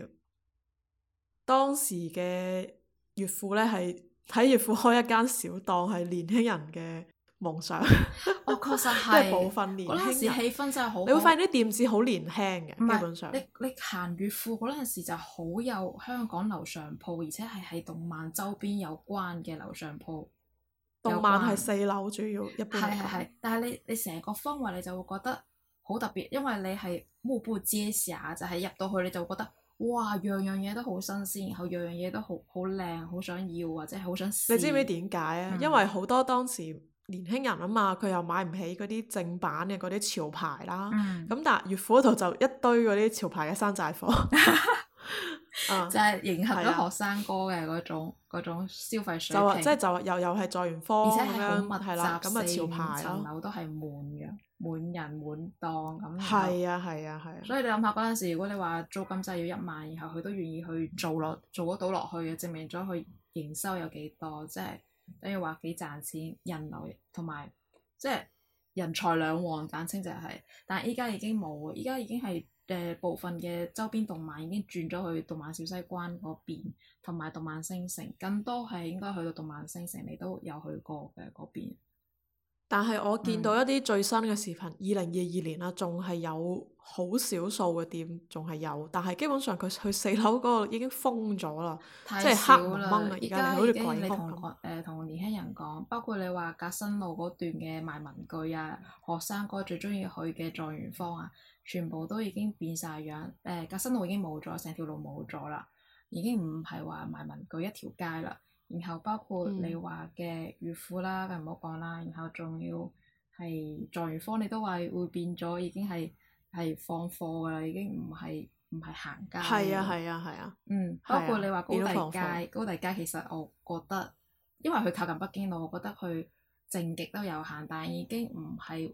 呢，誒當時嘅越富呢，係睇越富開一間小檔係年輕人嘅夢想。哦、我確實係嗰陣時氣氛真係好，你會發現啲店子好年輕嘅，是基本上你你行越富嗰陣時就好有香港樓上鋪，而且係喺動漫周邊有關嘅樓上鋪，關動漫係四樓主要，係係係，但係你你成個氛圍你就會覺得，好特別，因為你係目不暇給，就係、是、入到去你就覺得哇，樣樣嘢都好新鮮，然後樣樣嘢都好好靚，好想要或者係好想試。你知唔知點解啊？嗯、因為好多當時年輕人啊嘛，佢又買唔起嗰啲正版嘅嗰啲潮牌啦。咁、嗯、但係越富度就一堆嗰啲潮牌嘅山寨貨。 *laughs* Uh, 就係迎合咗學生哥嘅嗰種消費水平，就即係就，是、就又又係在元方，而且物係好密集，潮牌層樓都係滿嘅，滿人滿檔咁。係啊係啊係啊！啊啊所以你諗下嗰陣時，如果你話租金就係要一萬，然後佢都願意去做落做得到落去嘅，證明咗佢營收有幾多，即、就、係、是、等於話幾賺錢，人流同埋即係人才兩旺簡稱就係、是，但係依家已經冇，依家已經係。誒、呃、部分嘅周邊動漫已經轉咗去動漫小西關嗰邊，同埋動漫星城，更多係應該去到動漫星城，你都有去過嘅嗰邊。邊但係我見到一啲最新嘅視頻，二零二二年啦、啊，仲係有好少數嘅店仲係有，但係基本上佢去四樓嗰個已經封咗啦，太即係黑蒙蒙啊！而家你好似鬼屋。誒同、呃、年輕人講，包括你話革新路嗰段嘅賣文具啊，學生哥最中意去嘅狀元坊啊。全部都已經變晒樣，誒、呃，革新路已經冇咗，成條路冇咗啦，已經唔係話賣文具一條街啦。然後包括你話嘅月婦啦，咁唔好講啦。然後仲要係狀元坊，你都話會變咗，已經係係放貨噶啦，已經唔係唔係行街。係啊係啊係啊。啊啊嗯，包括你話高第街，啊、高第街其實我覺得，因為佢靠近北京路，我覺得佢正極都有限，但係已經唔係。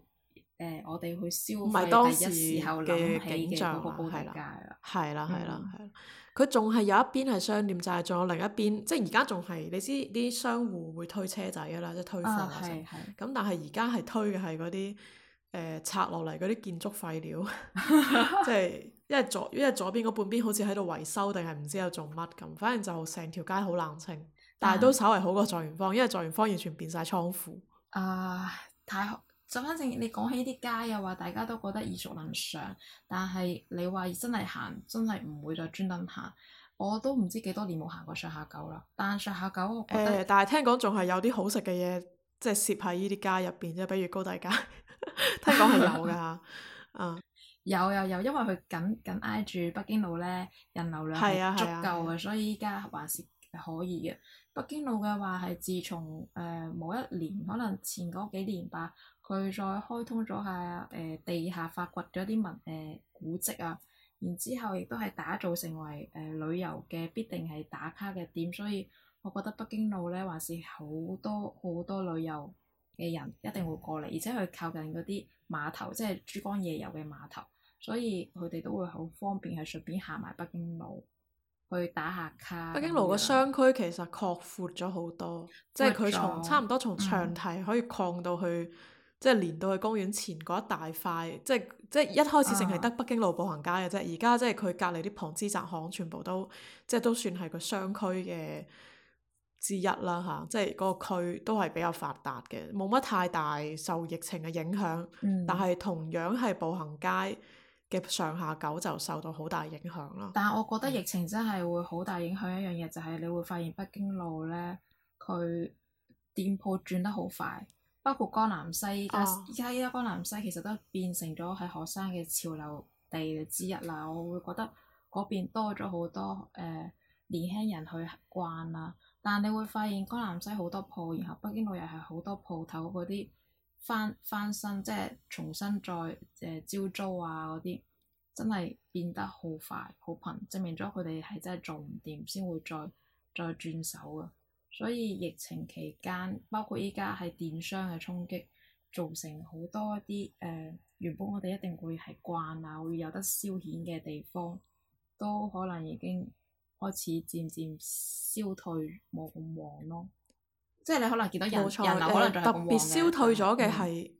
誒、呃，我哋去消唔係當時嘅景象好，啊，高啦，係啦係啦係啦。佢仲係有一邊係商店，就係、是、仲有另一邊，即係而家仲係你知啲商戶會推車仔啦，即、就、係、是、推貨咁、啊嗯、但係而家係推嘅係嗰啲誒拆落嚟嗰啲建築廢料，即 *laughs* 係 *laughs* 因為左一係左邊嗰半邊好似喺度維修定係唔知又做乜咁。反正就成條街好冷清，但係都稍為好過狀元坊，因為狀元坊完全變晒倉庫。啊，太就反正你講起呢啲街又話大家都覺得耳熟能詳，但係你話真係行真係唔會再專登行，我都唔知幾多年冇行過上下九啦。但上下九，誒、欸，但係聽講仲係有啲好食嘅嘢，即係攝喺呢啲街入邊啫，比如高第街，聽講係有㗎嚇。啊， *laughs* *laughs* *laughs* 有又有，因為佢緊緊挨住北京路咧，人流量係啊，足夠啊，所以依家還是可以嘅。北京路嘅話係自從誒、呃、某一年，可能前嗰幾年吧，佢再開通咗下誒、呃、地下發掘咗啲文誒、呃、古跡啊，然之後亦都係打造成為誒、呃、旅遊嘅必定係打卡嘅點，所以我覺得北京路咧還是好多好多旅遊嘅人一定會過嚟，而且佢靠近嗰啲碼頭，即係珠江夜遊嘅碼頭，所以佢哋都會好方便去順便行埋北京路。去打下卡。北京路個商區其實擴闊咗好多，嗯、即係佢從、嗯、差唔多從長堤可以擴到去，嗯、即係連到去公園前嗰一大塊。嗯、即係即係一開始淨係得北京路步行街嘅啫，而家、啊、即係佢隔籬啲旁支窄巷全部都，即係都算係個商區嘅之一啦嚇。即係嗰個區都係比較發達嘅，冇乜太大受疫情嘅影響，嗯、但係同樣係步行街。嘅上下九就受到好大影響啦。但係我覺得疫情真係會好大影響、嗯、一樣嘢，就係你會發現北京路咧，佢店鋪轉得好快。包括江南西，而家而家江南西其實都變成咗係學生嘅潮流地之一啦。我會覺得嗰邊多咗好多誒、呃、年輕人去逛啦。但係你會發現江南西好多鋪，然後北京路又係好多鋪頭嗰啲翻翻新，即係重新再誒招、呃、租啊！嗰啲真係變得好快好頻，證明咗佢哋係真係做唔掂，先會再再轉手啊！所以疫情期間，包括依家係電商嘅衝擊，造成好多一啲誒、呃、原本我哋一定會係慣啊，會有得消遣嘅地方，都可能已經開始漸漸消退冇咁忙忙咯。即係你可能見到有錯流可能仲係咁旺咧，特別消退咗嘅係，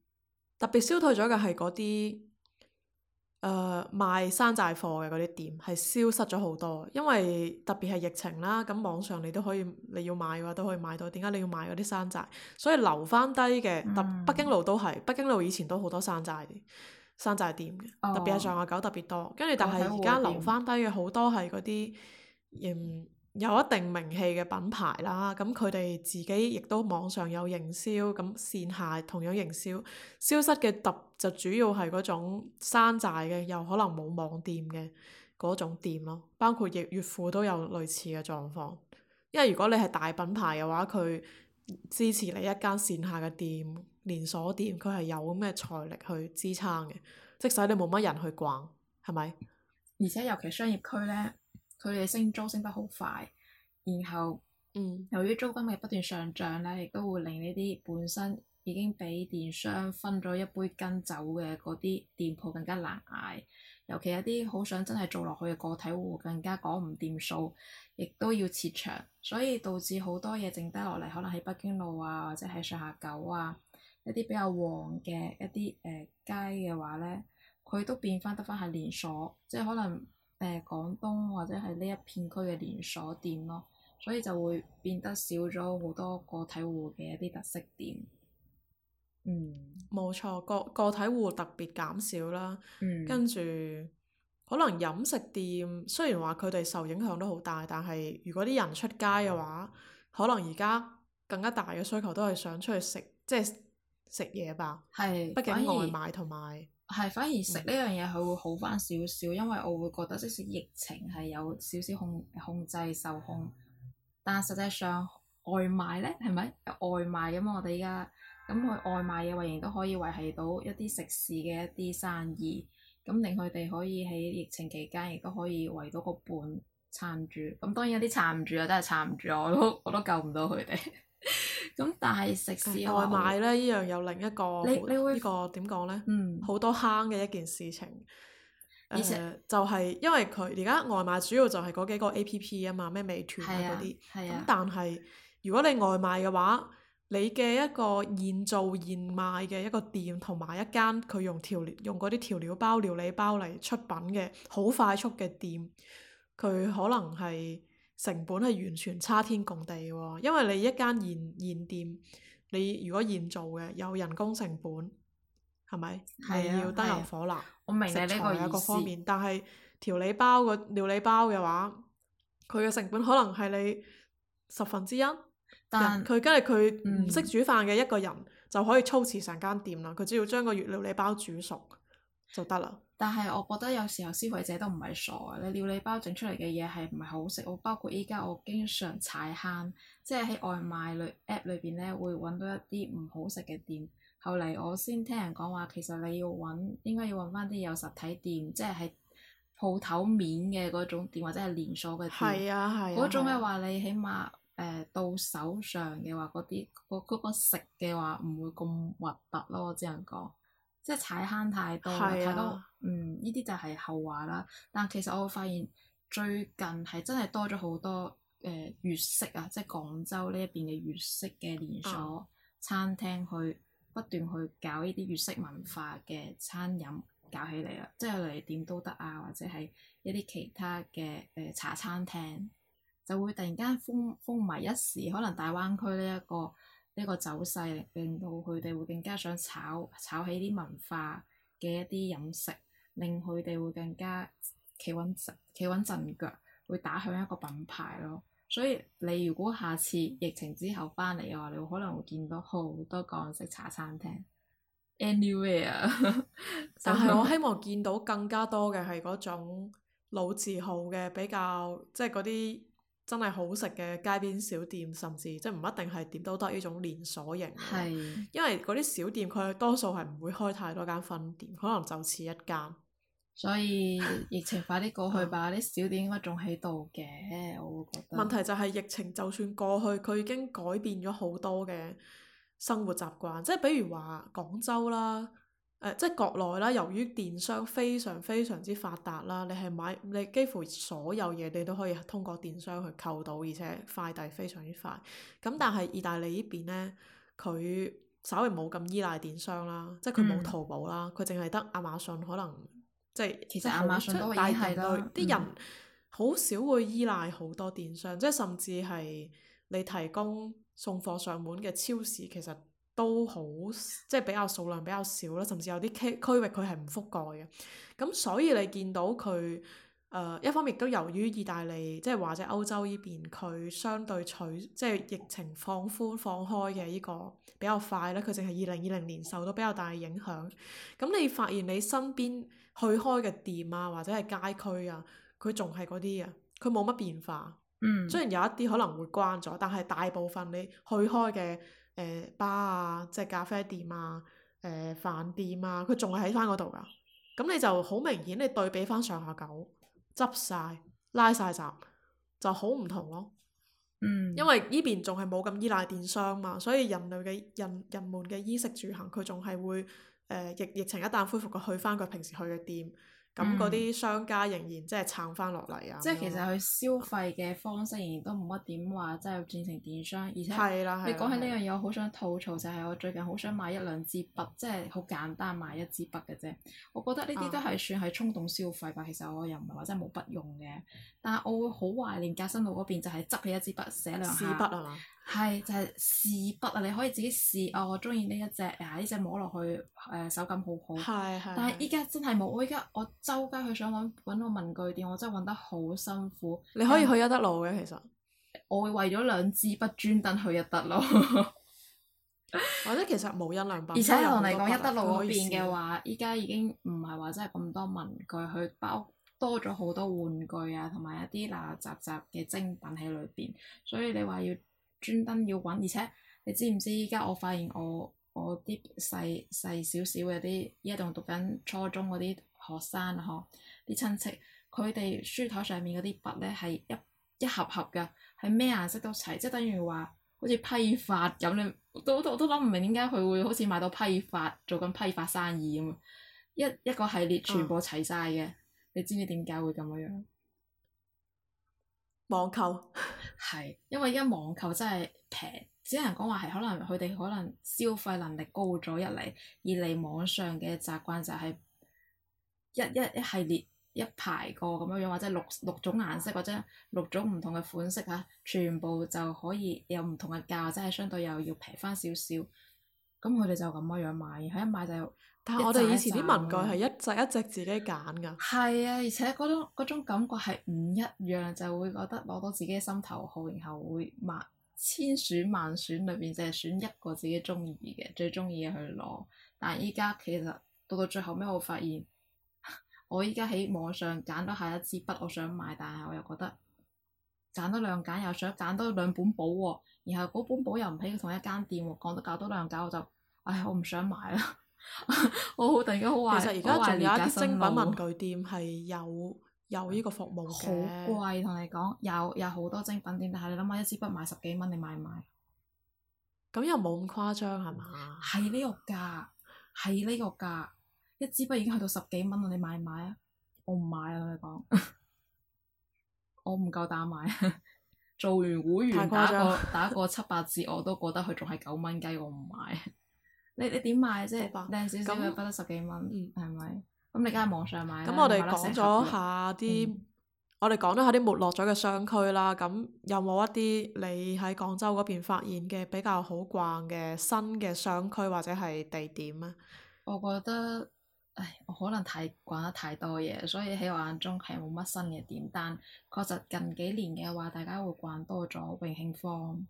特別消退咗嘅係嗰啲誒賣山寨貨嘅嗰啲店係消失咗好多，因為特別係疫情啦。咁網上你都可以，你要買嘅話都可以買到。點解你要買嗰啲山寨？所以留翻低嘅特北京路都係、嗯、北京路以前都好多山寨山寨店嘅。哦、特別係上下九特別多。跟住但係而家留翻低嘅好多係嗰啲嗯。有一定名氣嘅品牌啦，咁佢哋自己亦都網上有營銷，咁線下同樣營銷。消失嘅突就主要係嗰種山寨嘅，又可能冇網店嘅嗰種店咯。包括越富都有類似嘅狀況。因為如果你係大品牌嘅話，佢支持你一間線下嘅店，連鎖店，佢係有咩財力去支撐嘅，即使你冇乜人去逛，係咪？而且尤其商業區呢。佢哋升租升得好快，然後由於租金嘅不斷上漲咧，亦都會令呢啲本身已經俾電商分咗一杯羹走嘅嗰啲店鋪更加難捱，尤其一啲好想真係做落去嘅個體戶更加講唔掂數，亦都要撤場，所以導致好多嘢剩低落嚟，可能喺北京路啊，或者喺上下九啊，一啲比較旺嘅一啲誒、呃、街嘅話咧，佢都變翻得翻係連鎖，即係可能。誒，廣東或者係呢一片區嘅連鎖店咯，所以就會變得少咗好多個體戶嘅一啲特色店。嗯，冇錯，個個體戶特別減少啦。嗯、跟住，可能飲食店雖然話佢哋受影響都好大，但係如果啲人出街嘅話，嗯、可能而家更加大嘅需求都係想出去食，即係食嘢吧。係是。畢竟外賣同埋。係，反而食呢樣嘢佢會好翻少少，因為我會覺得即使疫情係有少少控控制受控，但實際上外賣咧係咪？有外賣，咁我哋依家咁佢外賣嘅話，仍都可以維係到一啲食肆嘅一啲生意，咁令佢哋可以喺疫情期間亦都可以維到個本撐住。咁當然有啲撐唔住啊，真係撐唔住我都我都救唔到佢哋。 *laughs* 咁但係食外賣呢依樣有另一個，呢個點講呢？好、嗯、多坑嘅一件事情。而且思、呃、就係、是、因為佢而家外賣主要就係嗰幾個 A P P 啊嘛，咩美團啊嗰啲。咁、啊、但係如果你外賣嘅話，你嘅一個現做現賣嘅一個店同埋一間佢用調料用嗰啲調料包、料理包嚟出品嘅好快速嘅店，佢可能係。成本係完全差天共地喎，因為你一間現現店，你如果現做嘅有人工成本，係咪？係、啊、你要燈油火蠟，食材各方面。但係調理包個料理包嘅話，佢嘅成本可能係你十分之一。但佢因為佢唔識煮飯嘅一個人、嗯、就可以操持成間店啦。佢只要將個粵料理包煮熟就得啦。但係我覺得有時候消費者都唔係傻嘅，你料理包整出嚟嘅嘢係唔係好食？我包括依家我經常踩坑，即係喺外賣裏 app 裏邊咧會揾到一啲唔好食嘅店。後嚟我先聽人講話，其實你要揾應該要揾翻啲有實體店，即係喺鋪頭面嘅嗰種店或者係連鎖嘅店。係啊係啊。嗰、啊、種嘅話，你起碼誒、呃、到手上嘅話，嗰啲嗰嗰個食嘅話唔會咁核突咯，我只能講。即係踩坑太多啦，啊、太多嗯呢啲就係後話啦。但其實我會發現最近係真係多咗好多誒粵式啊，即係廣州呢一邊嘅粵式嘅連鎖、嗯、餐廳去不斷去搞呢啲粵式文化嘅餐飲搞起嚟啦，即係嚟如點都德啊，或者係一啲其他嘅誒、呃、茶餐廳，就會突然間風風靡一時，可能大灣區呢、這、一個。呢個走勢令到佢哋會更加想炒炒起啲文化嘅一啲飲食，令佢哋會更加企穩陣企穩陣腳，會打響一個品牌咯。所以你如果下次疫情之後翻嚟嘅話，你可能會見到好多港式茶餐廳。Anywhere， *laughs* 但係我希望見到更加多嘅係嗰種老字號嘅比較，即係嗰啲。真係好食嘅街邊小店，甚至即係唔一定係點都得呢種連鎖型。是因為嗰啲小店佢多數係唔會開太多間分店，可能就似一間。所以疫情快啲過去吧！啲 *laughs* 小店應該仲喺度嘅，我會覺得。問題就係疫情就算過去，佢已經改變咗好多嘅生活習慣，即係比如話廣州啦。誒、呃，即係國內啦，由於電商非常非常之發達啦，你係買你幾乎所有嘢，你都可以通過電商去購到，而且快遞非常之快。咁但係意大利呢邊呢，佢稍微冇咁依賴電商啦，即係佢冇淘寶啦，佢淨係得亞馬遜可能即係，其實,很其實亞馬遜都已經係啦、嗯、啲人好少會依賴好多電商，嗯、即係甚至係你提供送貨上門嘅超市其實。都好，即係比較數量比較少啦，甚至有啲區域佢係唔覆蓋嘅。咁所以你見到佢，誒、呃、一方面都由於意大利，即係或者歐洲呢邊佢相對取，即係疫情放寬放開嘅呢、這個比較快啦。佢淨係二零二零年受到比較大嘅影響。咁你發現你身邊去開嘅店啊，或者係街區啊，佢仲係嗰啲啊，佢冇乜變化。嗯。雖然有一啲可能會關咗，但係大部分你去開嘅。誒吧、呃、啊，即係咖啡店啊，誒、呃、飯店啊，佢仲係喺翻嗰度㗎。咁你就好明顯，你對比翻上下九，執晒，拉晒閘，就好唔同咯。嗯。因為呢邊仲係冇咁依賴電商嘛，所以人類嘅人人們嘅衣食住行，佢仲係會誒疫疫情一旦恢復，佢去翻佢平時去嘅店。咁嗰啲商家仍然、嗯、即係撐翻落嚟啊！即係其實佢消費嘅方式仍然都冇乜點話，即係轉成電商。而且的你講起呢樣嘢，的我好想吐槽就係、係、我最近好想買一兩支筆，嗯、即係好簡單買一支筆嘅啫。我覺得呢啲都係算係衝動消費吧。啊、其實我又唔係話真係冇筆用嘅，但係我會好懷念革新路嗰邊，就係執起一支筆寫兩下，試筆啊嘛！係，就係、是、試筆啊！你可以自己試哦。我中意呢一隻，誒、呢隻摸落去，誒、呃、手感好好。係係。但係依家真係冇，我依家我周街去想揾揾個文具店，我真係揾得好辛苦。你可以去一德路嘅，其實、嗯。我會為咗兩支筆，專登去一德路。我德路 *laughs* 或者其實冇一兩百。而且我同你講、嗯、一德路嗰邊嘅話，依家已經唔係話真係咁多文具，佢包多咗好多玩具啊，同埋一啲垃雜雜嘅精品喺裏邊，所以你話要。要專登要揾，而且你知唔知？依家我發現我我啲細細少少嘅啲，依家仲讀緊初中嗰啲學生呵，啲親戚佢哋書枱上面嗰啲筆呢，係一一盒盒㗎，係咩顏色都齊，即等於話好似批發咁。你都都我都諗唔明點解佢會好似買到批發，做緊批發生意咁，一一個系列全部齊晒嘅，嗯、你知唔知點解會咁樣？網購。係，因為而家網購真係平，只能講話係可能佢哋可能消費能力高咗一嚟，二嚟網上嘅習慣就係一一一系列一排個咁樣樣，或者六六種顏色或者六種唔同嘅款式嚇，全部就可以有唔同嘅價，真係相對又要平翻少少，咁佢哋就咁樣樣買，佢一買就。但係我哋以前啲文具係一隻、就係、一隻自己揀噶。係啊，而且嗰種，嗰種感覺係唔一樣，就會覺得攞到自己心頭好，然後會萬千選萬選裏邊淨係、係、選一個自己中意嘅最中意嘅去攞。但係依家其實到到最後屘，我發現我依家喺網上揀到下一支筆，我想買，但係我又覺得揀多兩揀又想揀多兩本簿，然後嗰本簿又唔喺同一間店喎，講多搞多兩揀我就，唉，我唔想買啦。 *laughs* 我好突然間好懷疑，其實而家仲有一啲精品文具店係有有呢個服務，好貴，同你講，有有好多精品店，但係你諗下一支筆買十幾蚊，你買唔買？咁又冇咁誇張係嘛？係呢 *laughs* 個價，係呢個價，一支筆已經去到十幾蚊啦，你買唔買啊？我唔買啊！同你講，我唔夠膽買。 *laughs* 敢買 *laughs* 做完會員打個過 *laughs* 打個七八折，我都覺得佢仲係九蚊雞，我唔買。你你點買啫？咁少少，不得十幾蚊，係咪、嗯？咁你梗係網上買咧？咁我哋講咗下啲，嗯、我哋講咗下啲沒落咗嘅商區啦。咁有冇一啲你喺廣州嗰邊發現嘅比較好逛嘅新嘅商區或者係地點咧？我覺得，唉，我可能太逛得太多嘢，所以喺我眼中係冇乜新嘅點。但確實近幾年嘅話，大家會逛多咗永慶坊，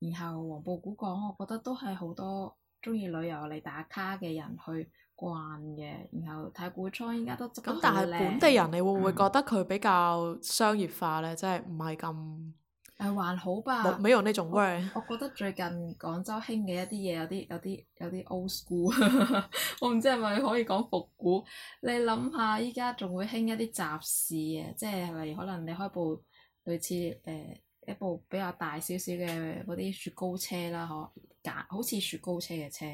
然後黃埔古港，我覺得都係好多。中意旅遊嚟打卡嘅人去逛嘅，然後太古倉依家都執咁，但係本地人，你會唔會覺得佢比較商業化咧？嗯、即係唔係咁？誒、啊、還好吧。冇冇呢種喂，我覺得最近廣州興嘅一啲嘢有啲有啲有啲 old school， *laughs* 我唔知係咪可以講復古。你諗下，依家仲會興一啲集市啊？即係係咪可能你開部類似誒？呃一部比較大少少嘅嗰啲雪糕車啦，可，架好似雪糕車嘅車，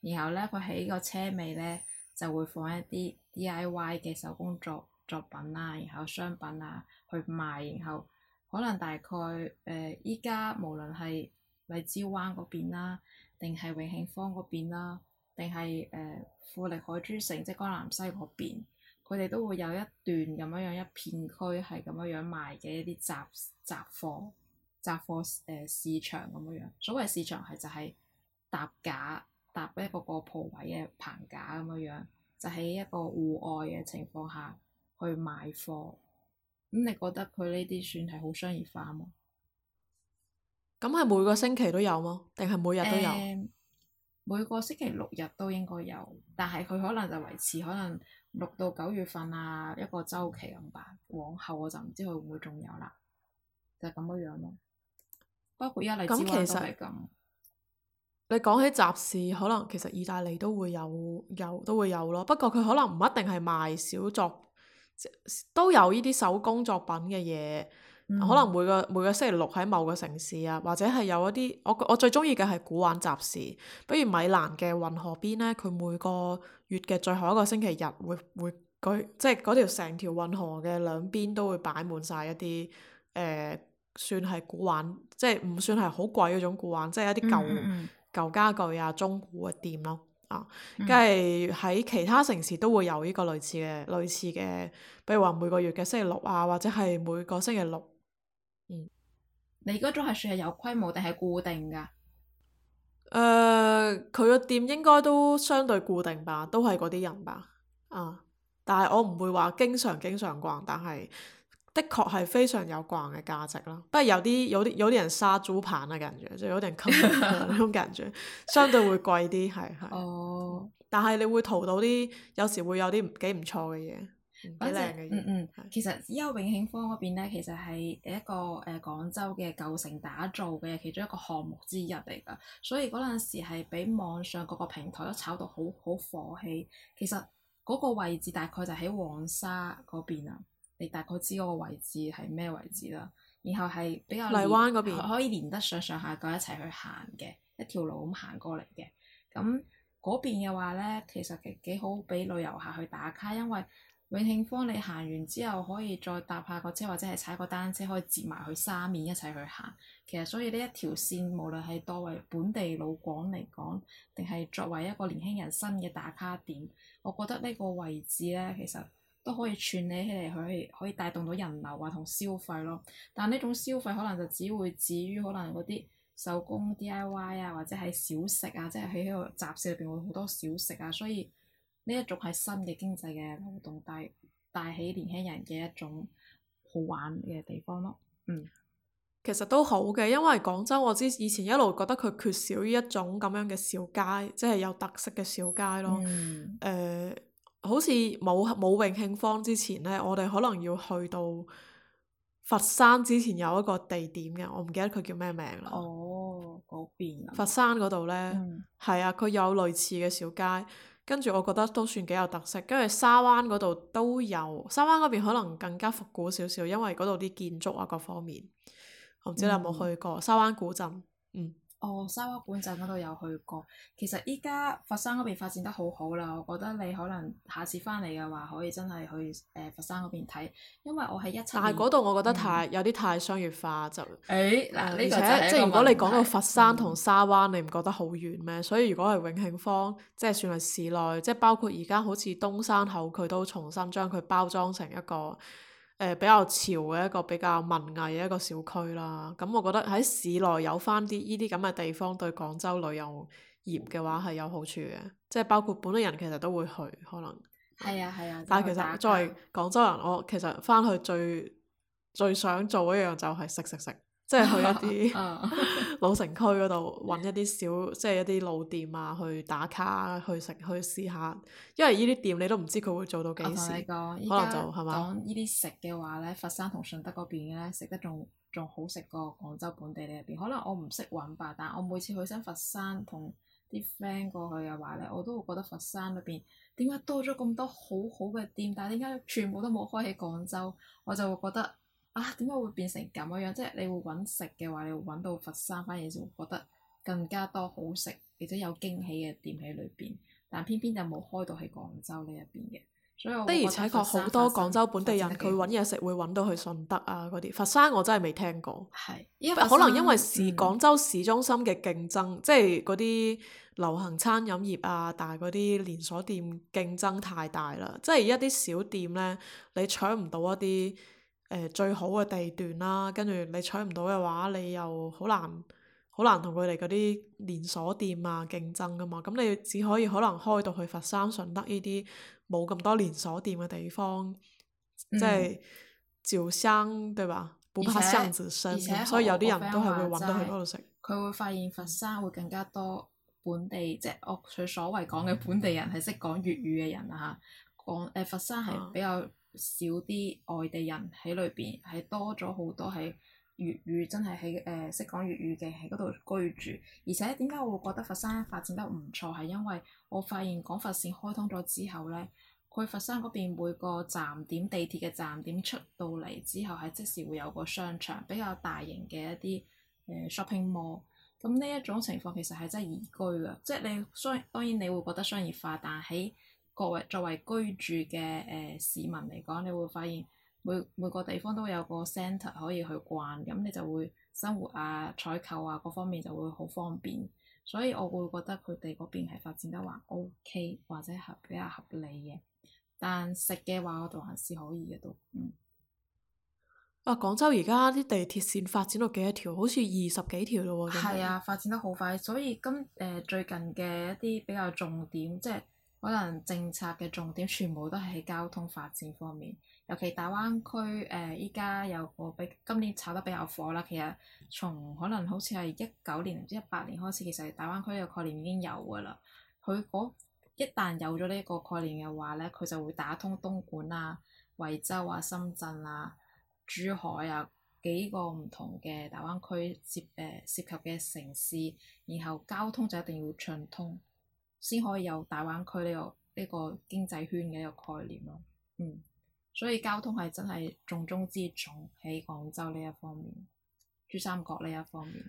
然後咧佢喺個車尾咧就會放一啲 D.I.Y. 嘅手工作作品啦、啊，然後商品啊去賣，然後可能大概誒依家無論係荔枝灣嗰邊啦，定係永慶坊嗰邊啦，定係誒富力海珠城即係江南西嗰邊。佢哋都會有一段咁樣樣一片區係咁樣樣賣嘅一啲雜雜貨雜貨誒、呃、市場咁樣樣，所謂市場係就係搭架搭一個個鋪位嘅棚架咁樣樣，就喺、是、一個戶外嘅情況下去賣貨。咁、嗯、你覺得佢呢啲算係好商業化嗎？咁係每個星期都有嗎？定係每日都有、呃？每個星期六日都應該有，但係佢可能就維持可能。六到九月份啊，一個週期咁吧。往後我就唔知佢會唔會仲有啦，就係咁樣樣咯。包括一嚟之外其實都係咁。你講起集市，可能其實意大利都會有，有都會有咯。不過佢可能唔一定係賣小作，都有呢啲手工作品嘅嘢。嗯、可能每個每個星期六喺某個城市啊，或者係有一啲我我最中意嘅係古玩集市。比如米蘭嘅運河邊呢，佢每個月嘅最後一個星期日會會嗰，即係嗰條成條運河嘅兩邊都會擺滿晒一啲誒、呃、算係古玩，即係唔算係好貴嗰種古玩，即、就、係、是、一啲舊嗯嗯嗯舊傢俱啊、中古嘅店咯、啊。啊，梗係喺其他城市都會有呢個類似嘅類似嘅，比如話每個月嘅星期六啊，或者係每個星期六。你嗰種係算係有規模定係固定㗎？誒、呃，佢個店應該都相對固定吧，都係嗰啲人吧。啊，但係我唔會話經常經常逛，但係的確係非常有逛嘅價值囉。不過有啲有啲有啲人殺豬棒啊，跟住即係有啲人 cut 棒啊，咁跟住相對會貴啲，係係。 *laughs* 哦。但係你會淘到啲，有時會有啲幾唔錯嘅嘢。嗯嗯，的其實優永慶坊嗰邊咧，其實係一個誒、呃、廣州嘅舊城打造嘅其中一個項目之一嚟㗎，所以嗰陣時係俾網上各個平台都炒到好好火氣。其實嗰個位置大概就喺黃沙嗰邊啊，你大概知嗰個位置係咩位置啦。然後係比較荔灣嗰邊可以可以連得上上下九一齊去行嘅一條路咁行過嚟嘅。咁嗰邊嘅話咧，其實幾幾好俾旅遊客去打卡，因為永慶坊你行完之後，可以再搭下個車，或者係踩個單車，可以接埋去沙面一齊去行。其實所以呢一條線無論係多為本地老廣嚟講，定係作為一個年輕人新嘅打卡點，我覺得呢個位置咧，其實都可以串起起嚟，佢可以帶動到人流啊同消費咯。但呢種消費可能就只會止於可能嗰啲手工 D.I.Y. 啊，或者係小食啊，即係喺個集市入邊會好多小食啊，所以。呢一種係新嘅經濟嘅活動，帶帶起年輕人嘅一種好玩嘅地方咯。嗯，其實都好嘅，因為講真，我之以前一路覺得佢缺少於一種咁樣嘅小街，即係有特色嘅小街咯。誒、嗯呃，好似冇冇永慶坊之前咧，我哋可能要去到佛山之前有一個地點嘅，我唔記得佢叫咩名啦。哦，嗰邊。佛山嗰度咧，係、嗯、啊，佢有類似嘅小街。跟住我覺得都算幾有特色，跟住沙灣嗰度都有，沙灣嗰邊可能更加復古少少，因為嗰度啲建築啊各方面，我唔知你有冇去過、嗯、沙灣古鎮。哦，沙灣古鎮嗰度有去過，其實依家佛山嗰邊發展得好好啦，我覺得你可能下次翻嚟嘅話，可以真係去誒、呃、佛山嗰邊睇，因為我係一齊。但係嗰度我覺得太、嗯、有啲太商業化就。誒，嗱，呢就真係一個問題，而且即係如果你講到佛山同沙灣，嗯、你唔覺得好遠咩？所以如果係永慶坊，即係算係市內，即係包括而家好似東山口，佢都重新將佢包裝成一個。誒比較潮嘅一個比較文藝嘅一個小區啦，咁我覺得喺市內有翻啲呢啲咁嘅地方對廣州旅遊業嘅話係有好處嘅，即係包括本地人其實都會去可能。係啊係啊。但係其實作為廣州人，我其實翻去最最想做一樣就係食食食，即係去一啲。老城區嗰度揾一啲小，即係一啲老店啊，去打卡，去食，去試下。因為呢啲店你都唔知佢會做到幾時。我同你講，依家講啲食嘅話咧，佛山同順德嗰邊咧食得仲仲好食過廣州本地嗰邊。可能我唔識揾吧，但我每次去親佛山同啲 friend 過去嘅話咧，我都會覺得佛山嗰邊點解多咗咁多好好嘅店，但係點解全部都冇開喺廣州？我就會覺得。啊，點解會變成咁樣樣？即係你會揾食嘅話，你會揾到佛山，反而就會覺得更加多好食，而且有驚喜嘅店喺裏邊。但偏偏就冇開到喺廣州呢一邊嘅，所以我覺得的而且確好多廣州本地人佢揾嘢食會揾到去順德啊嗰啲。佛山我真係未聽過，係，因為可能因為係廣州市中心嘅競爭，嗯、即係嗰啲流行餐飲業啊，但係嗰啲連鎖店競爭太大啦，即係一啲小店呢，你搶唔到一啲。誒最好嘅地段啦，跟住你取唔到嘅話，你又好難好難同佢哋嗰啲連鎖店啊競爭噶嘛，咁你只可以可能開到去佛山、順德呢啲冇咁多連鎖店嘅地方，嗯、即係趙生，對吧？且不怕巷子深，所以有啲人都係會揾到去嗰度食。佢，就是，會發現佛山會更加多本地，即係哦，佢所謂講嘅本地人係識講粵語嘅人，嗯、啊。講誒佛山係比較。啊少啲外地人喺裏邊，係多咗好多喺粵語，真係喺誒識講粵語嘅喺嗰度居住。而且點解我會覺得佛山發展得唔錯，係因為我發現廣佛線開通咗之後呢，佢佛山嗰邊每個站點地鐵嘅站點出到嚟之後，係即時會有個商場比較大型嘅一啲誒 shopping mall。咁、呃、呢一種情況其實係真係宜居㗎，即係你雖當然你會覺得商業化，但係作為居住嘅誒、呃、市民嚟講，你會發現每每個地方都有個 center 可以去逛，咁你就會生活啊、採購啊各方面就會好方便。所以我會覺得佢哋嗰邊係發展得還 O、okay, K 或者係比較合理嘅。但食嘅話，我都還是可以嘅都。嗯。哇、啊！廣州而家啲地鐵線發展到幾多條？好似二十幾條嘞喎。係啊，發展得好快，所以今誒、呃、最近嘅一啲比較重點，即係。可能政策嘅重點全部都係喺交通發展方面，尤其大灣區誒依家有個比今年炒得比較火啦。其實從可能好似係一九年唔知一八年開始，其實大灣區嘅概念已經有㗎啦。佢嗰一旦有咗呢一個概念嘅話咧，佢就會打通東莞啊、惠州啊、深圳啊、珠海啊幾個唔同嘅大灣區涉誒涉及嘅城市，然後交通就一定要暢通。先可以有大灣區呢個呢個經濟圈嘅一個概念咯，嗯，所以交通係真係重中之重喺廣州呢一方面，珠三角呢一方面。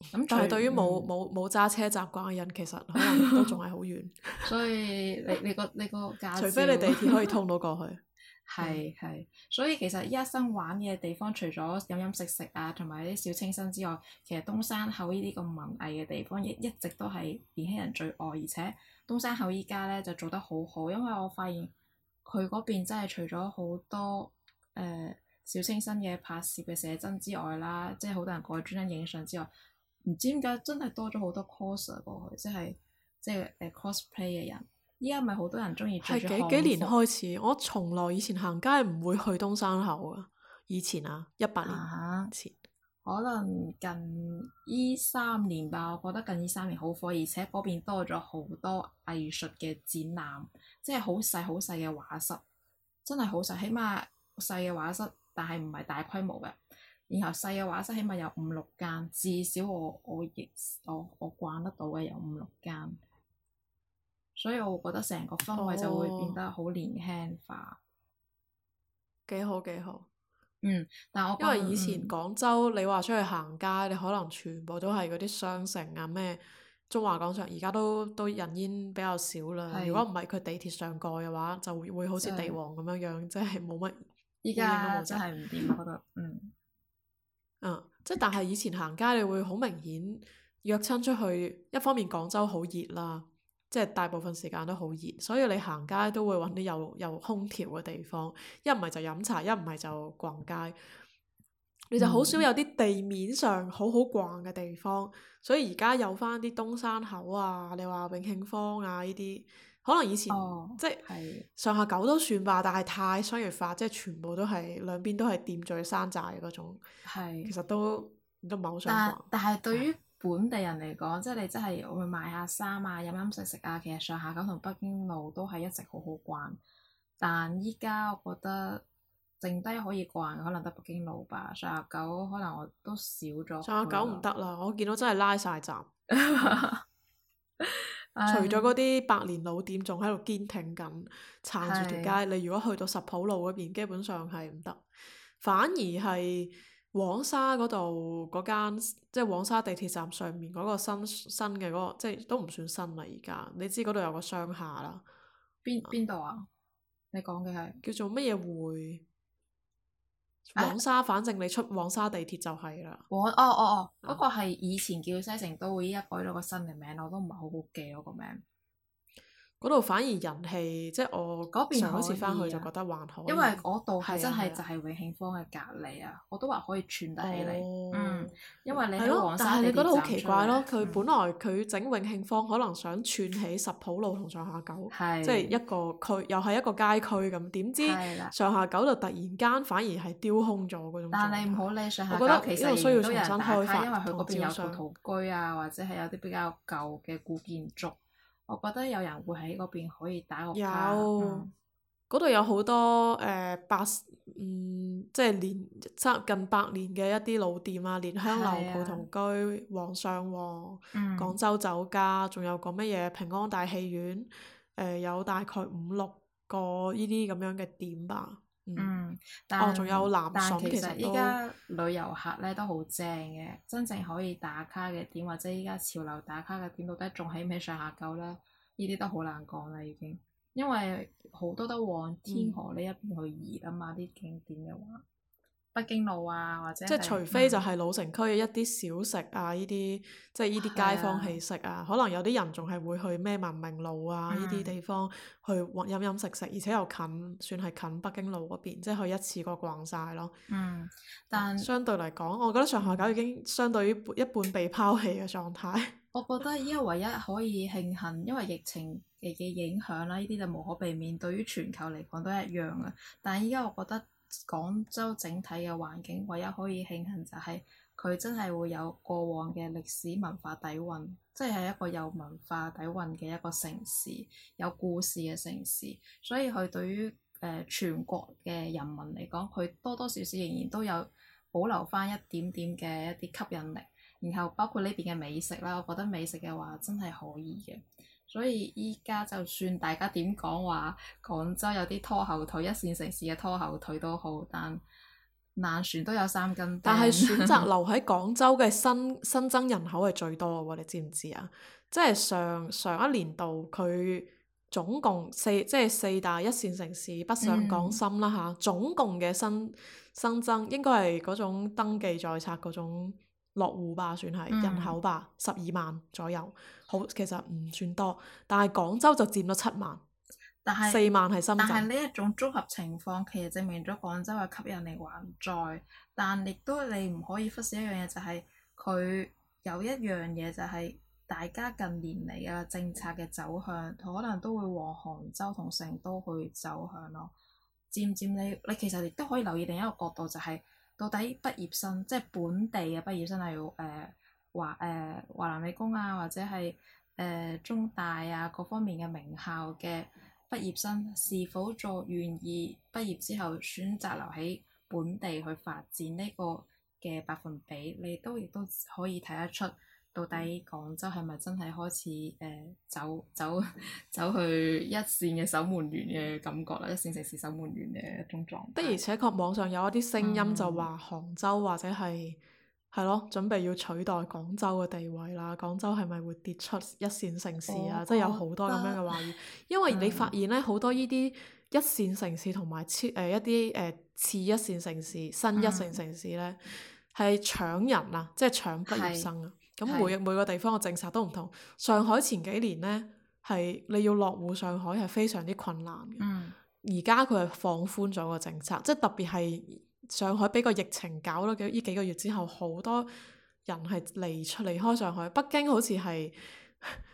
咁但係對於冇冇冇揸車習慣嘅人，其實可能都仲係好遠。 *laughs* *laughs* 所以你你個你個 *laughs* *laughs* 除非你地鐵可以通到過去。 *laughs* 係係，所以其實一生玩嘅地方，除咗飲飲食食啊，同埋啲小清新之外，其實東山口呢啲咁文藝嘅地方，亦一直都係年輕人最愛，而且東山口依家咧就做得好好，因為我發現佢嗰邊真係除咗好多誒、呃、小清新嘅拍攝嘅寫真之外啦，即係好多人過去專登影相之外，唔知點解真係多咗好多 coser 過去，即係即係誒 cosplay 嘅人。依家咪好多人中意住喺康富。係幾幾年開始？我從來以前行街唔會去東山口啊。以前啊，一八年前，uh huh. 可能近依三年吧。我覺得近依三年好火，而且嗰邊多咗好多藝術嘅展覽，即係好細好細嘅畫室，真係好細，起碼細嘅畫室，但係唔係大規模嘅。然後細嘅畫室起碼有五六間，至少我我亦我我逛得到嘅有五六間。所以，我覺得成個氛圍就會變得好年輕化，幾好幾好。好。嗯，但我因為以前廣州，嗯、你話出去行街，你可能全部都係嗰啲商城啊咩中華廣場，而家都都人煙比較少啦。如果唔係佢地鐵上蓋嘅話，就會好似地王咁樣樣，的即係冇乜。而家真係唔掂，我覺得。嗯。嗯，即係但係以前行街，你會好明顯約親出去。一方面廣州好熱啦。即係大部分時間都好熱，所以你行街都會揾啲有有空調嘅地方，一唔係就飲茶，一唔係就逛街。嗯、你就好少有啲地面上好好逛嘅地方，所以而家有翻啲東山口啊，你話永慶坊啊依啲，可能以前、哦、即係的上下九都算吧，但係太商業化，即、就、係、是、全部都係兩邊都係店聚山寨嗰種。的其實都都唔係好想逛。但係對於。本地人嚟講，即係你真係去買下衫啊、飲飲食食啊，其實上下九同北京路都係一直好好逛。但依家我覺得剩低可以逛嘅，可能得北京路吧。上下九可能我都少咗。上下九唔得啦，我見到真係拉晒閘。 *laughs* *laughs* 除咗嗰啲百年老店，仲喺度堅挺噉，撐住條街。是你如果去到十甫路嗰邊，基本上係唔得。反而係。黃沙嗰度嗰間，即係黃沙地鐵站上面嗰個新新嘅嗰個即係都唔算新啦而家，你知嗰度有個商廈啦。邊邊度啊？你講嘅係叫做乜嘢會？黃沙，啊、反正你出黃沙地鐵就係啦。黃哦哦哦，嗰個係以前叫西城都會，依家改咗個新嘅名，我都唔係好好記嗰個名。嗰度反而人氣，即係我上一次翻去就覺得還好、啊，因為嗰度真係就係永慶坊嘅隔離啊，我都話可以串得起嚟。哦、嗯，因為你喺但係你覺得好奇怪咯。佢、嗯、本來佢整永慶坊可能想串起十甫路同上下九，的即係一個區，又係一個街區咁。點知上下九就突然間反而係丟空咗嗰種感覺。但係唔好理上下九，我覺得其實應該有人帶下，因為佢嗰邊有古陶居啊，或者係有啲比較舊嘅古建築。我覺得有人會喺嗰邊可以打個卡，有嗰度、嗯、有好多誒百、呃，嗯，即係年差近百年嘅一啲老店啊，蓮香樓、蒲同、啊、居、皇上皇、嗯、廣州酒家，仲有個乜嘢平安大戲院，誒、呃、有大概五六個呢啲咁樣嘅店吧。嗯，但、哦、仲有南但其實依家旅遊客咧都好正嘅，真正可以打卡嘅點或者依家潮流打卡嘅點到底仲喺唔喺上下九咧？呢啲都好難講啦已經，因為好多都往天河呢一邊去移啊嘛，啲景點嘅話。北京路啊，或者即係除非就係老城區嘅、嗯、一啲小食啊，呢啲即係呢啲街坊氣息啊。的可能有啲人仲係會去咩文明路啊，呢啲、嗯、地方去飲飲食食，而且又近，算係近北京路嗰邊，即係去一次過逛晒咯嗯，但相對嚟講，我覺得上下九已經相對於一半被拋棄嘅狀態，我覺得依家唯一可以慶幸，因為疫情嘅影響啦、啊，呢啲就無可避免，對於全球嚟講都一樣嘅。但係，依家我覺得。廣州整體嘅環境，唯一可以慶幸就係、是、佢真係會有過往嘅歷史文化底蘊，即係一個有文化底蘊嘅一個城市，有故事嘅城市。所以佢對於誒、呃、全國嘅人民嚟講，佢多多少少仍然都有保留返一點點嘅一啲吸引力。然後包括呢邊嘅美食啦，我覺得美食嘅話真係可以嘅。所以依家就算大家點講話，廣州有啲拖後腿，一線城市嘅拖後腿都好，但爛船都有三斤釘。但係選擇留喺廣州嘅新新增人口係最多喎，你知唔知啊？即係上上一年度佢總共四，即係四大一線城市，北上廣深啦吓、嗯、總共嘅新新增應該係嗰種登記在冊嗰種。落戶吧，算係、嗯、人口吧，十二萬左右，好其實唔算多，但係廣州就佔咗七萬，但係四萬係深圳。但係呢一種綜合情況，其實證明咗廣州嘅吸引力還在，但亦都你唔可以忽視一樣嘢、就係，就係佢有一樣嘢就係大家近年嚟嘅政策嘅走向，可能都會往杭州同成都去走向咯。漸漸你你其實亦都可以留意另一個角度、就係，就係。到底畢業生即係本地嘅畢業生，例如誒華誒、呃、華南理工啊，或者係誒、呃、中大啊，各方面嘅名校嘅畢業生，是否就願意畢業之後選擇留喺本地去發展呢個嘅百分比，你都亦都可以睇得出。到底廣州係咪真係開始誒、呃、走走走去一線嘅守門員嘅感覺啦？一線城市守門員嘅一種狀態。的而且確，網上有一啲聲音就話杭州或者係係咯，準備要取代廣州嘅地位啦。廣州係咪會跌出一線城市啊？即係有好多咁樣嘅話語。嗯、因為你發現咧，好多依啲一線城市同埋超一啲誒、呃、次一線城市、新一線城市咧，係、嗯、的搶人啊，即係搶畢業生啊。咁每每個地方嘅政策都唔同。上海前幾年呢，係你要落戶上海係非常之困難嘅。而家佢係放寬咗個政策，即係特別係上海俾個疫情搞咗幾呢幾個月之後，好多人係離出離開上海。北京好似係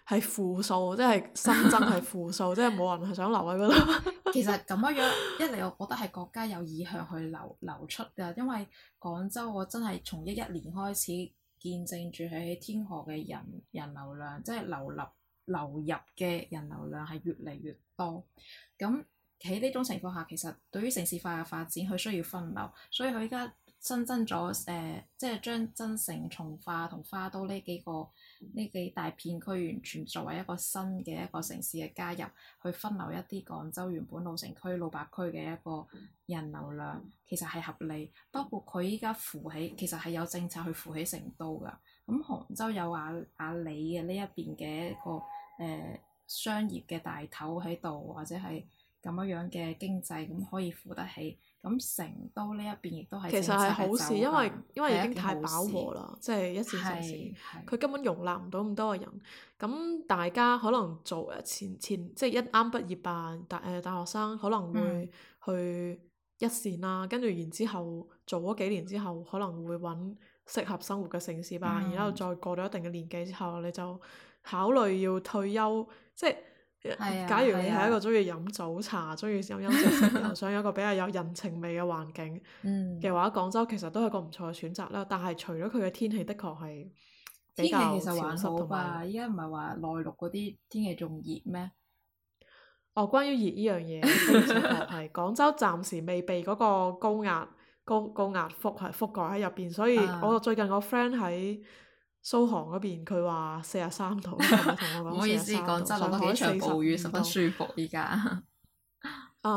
係負數，即係新增係負數， *laughs* 即係冇人係想留喺嗰度。其實咁樣 *laughs* 一嚟，我覺得係國家有意向去流流出㗎，因為廣州我真係從一一年開始。見證住喺天河嘅人人流量，即係流入流入嘅人流量係越嚟越多。咁喺呢種情況下，其實對於城市化嘅發展，佢需要分流，所以佢而家新增咗誒、呃，即係將增城、從化同花都呢幾個。呢幾大片區完全作為一個新嘅一個城市嘅加入，去分流一啲廣州原本老城區、老八區嘅一個人流量，其實係合理。包括佢依家扶起，其實係有政策去扶起成都㗎。咁杭州有阿阿里嘅呢一邊嘅一個誒、呃、商業嘅大頭喺度，或者係咁樣樣嘅經濟咁可以扶得起。咁成、嗯、都呢一邊亦都係其實係好事，的因為一因為已經太飽和啦，即係一線城市，佢根本容納唔到咁多嘅人。咁大家可能做前前即係一啱畢業啊，大誒、呃、大學生可能會去一線啦，跟住、嗯、然之後，然後做咗幾年之後，可能會揾適合生活嘅城市吧。嗯、然之後再過到一定嘅年紀之後，你就考慮要退休，即係。啊、假如你係一個鍾意飲早茶、鍾意飲飲食食，色色 *laughs* 想有一個比較有人情味嘅環境嘅、嗯、話，廣州其實都係個唔錯嘅選擇啦。但係除咗佢嘅天氣，的確係比較濕，天氣其實還好吧。同埋依家唔係話內陸嗰啲天氣仲熱咩？哦，關於熱呢樣嘢，係 *laughs* 廣州暫時未被嗰個高壓高高壓覆係覆蓋喺入邊，所以我最近個 friend 喺。 *laughs* 蘇杭嗰邊佢話四十三度，同 *laughs* 我講。唔 *laughs* 好意思，廣州都落咗幾場暴雨，十分舒服而家。啊、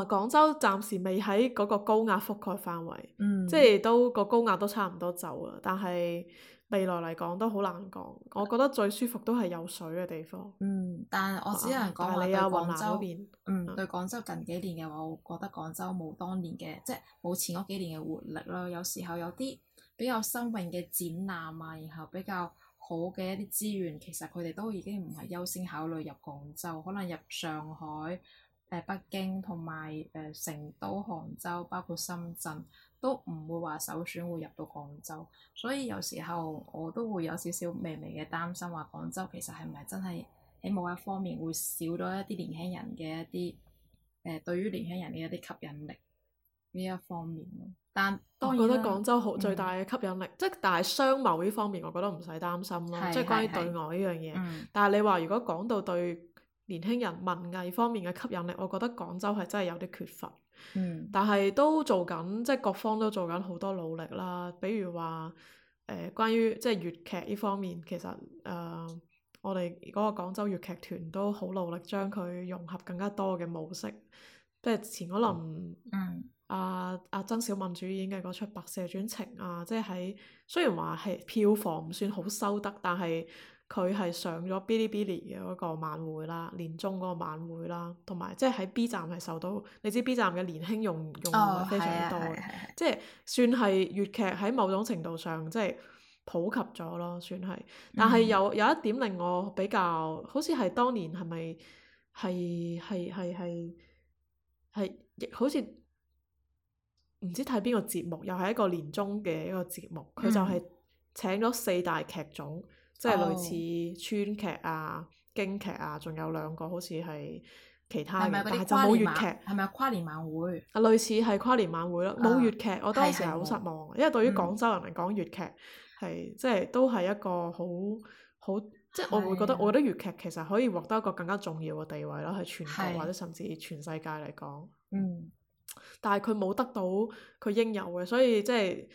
嗯，廣州暫時未喺嗰個高壓覆蓋範圍，嗯、即係都、嗰個高壓都差唔多走啦。但係未來嚟講都好難講。我覺得最舒服都係有水嘅地方。嗯，但係我只能講對廣州，你啊、嗯，對廣州近幾年嘅話，我覺得廣州冇當年嘅，嗯、即係冇前嗰幾年嘅活力咯。有時候有啲。比較新穎嘅展覽啊，然後比較好嘅一啲資源，其實佢哋都已經唔係優先考慮入廣州，可能入上海、誒、呃、北京同埋誒成都、杭州，包括深圳，都唔會話首選會入到廣州。所以有時候我都會有少少微微嘅擔心，話廣州其實係咪真係喺某一方面會少咗一啲年輕人嘅一啲誒、呃、對於年輕人嘅一啲吸引力？呢一方面，但都覺得廣州好最大嘅吸引力，即係、嗯、但係商貿呢方面，我覺得唔使擔心咯、啊，即係關於對外呢樣嘢。是是是但係你話如果講到對年輕人文藝方面嘅吸引力，我覺得廣州係真係有啲缺乏。嗯。但係都做緊，即、就、係、是、各方都做緊好多努力啦。比如話，誒、呃，關於即係、就是、粵劇呢方面，其實誒、呃，我哋嗰個廣州粵劇團都好努力將佢融合更加多嘅模式，即係前嗰輪。嗯。嗯啊啊曾小敏主演嘅嗰出《白蛇傳情》啊，啊即係喺雖然話係票房唔算好收得，但係佢係上咗嗶哩嗶哩嘅嗰個晚會啦，年終嗰個晚會啦，同埋即係喺 B 站係受到，你知 B 站嘅年輕用用戶非常多，哦啊啊啊、即係算係粵劇喺某種程度上即係普及咗咯，算係，但係有有一點令我比較，好似係當年係咪係，係，係，係，係亦好似。唔知睇邊個節目，又係一個年終嘅一個節目，佢就係請咗四大劇種，即係類似川劇啊、京劇啊，仲有兩個好似係其他嘅，但係就冇粵劇。係咪跨年晚會？啊，類似係跨年晚會啦，冇粵劇，我當時係好失望。因為對於廣州人嚟講，粵劇係即係都係一個好好，即係我會覺得，我覺得粵劇其實可以獲得一個更加重要嘅地位咯，係全國或者甚至全世界嚟講。嗯。但係佢冇得到佢應有嘅，所以即係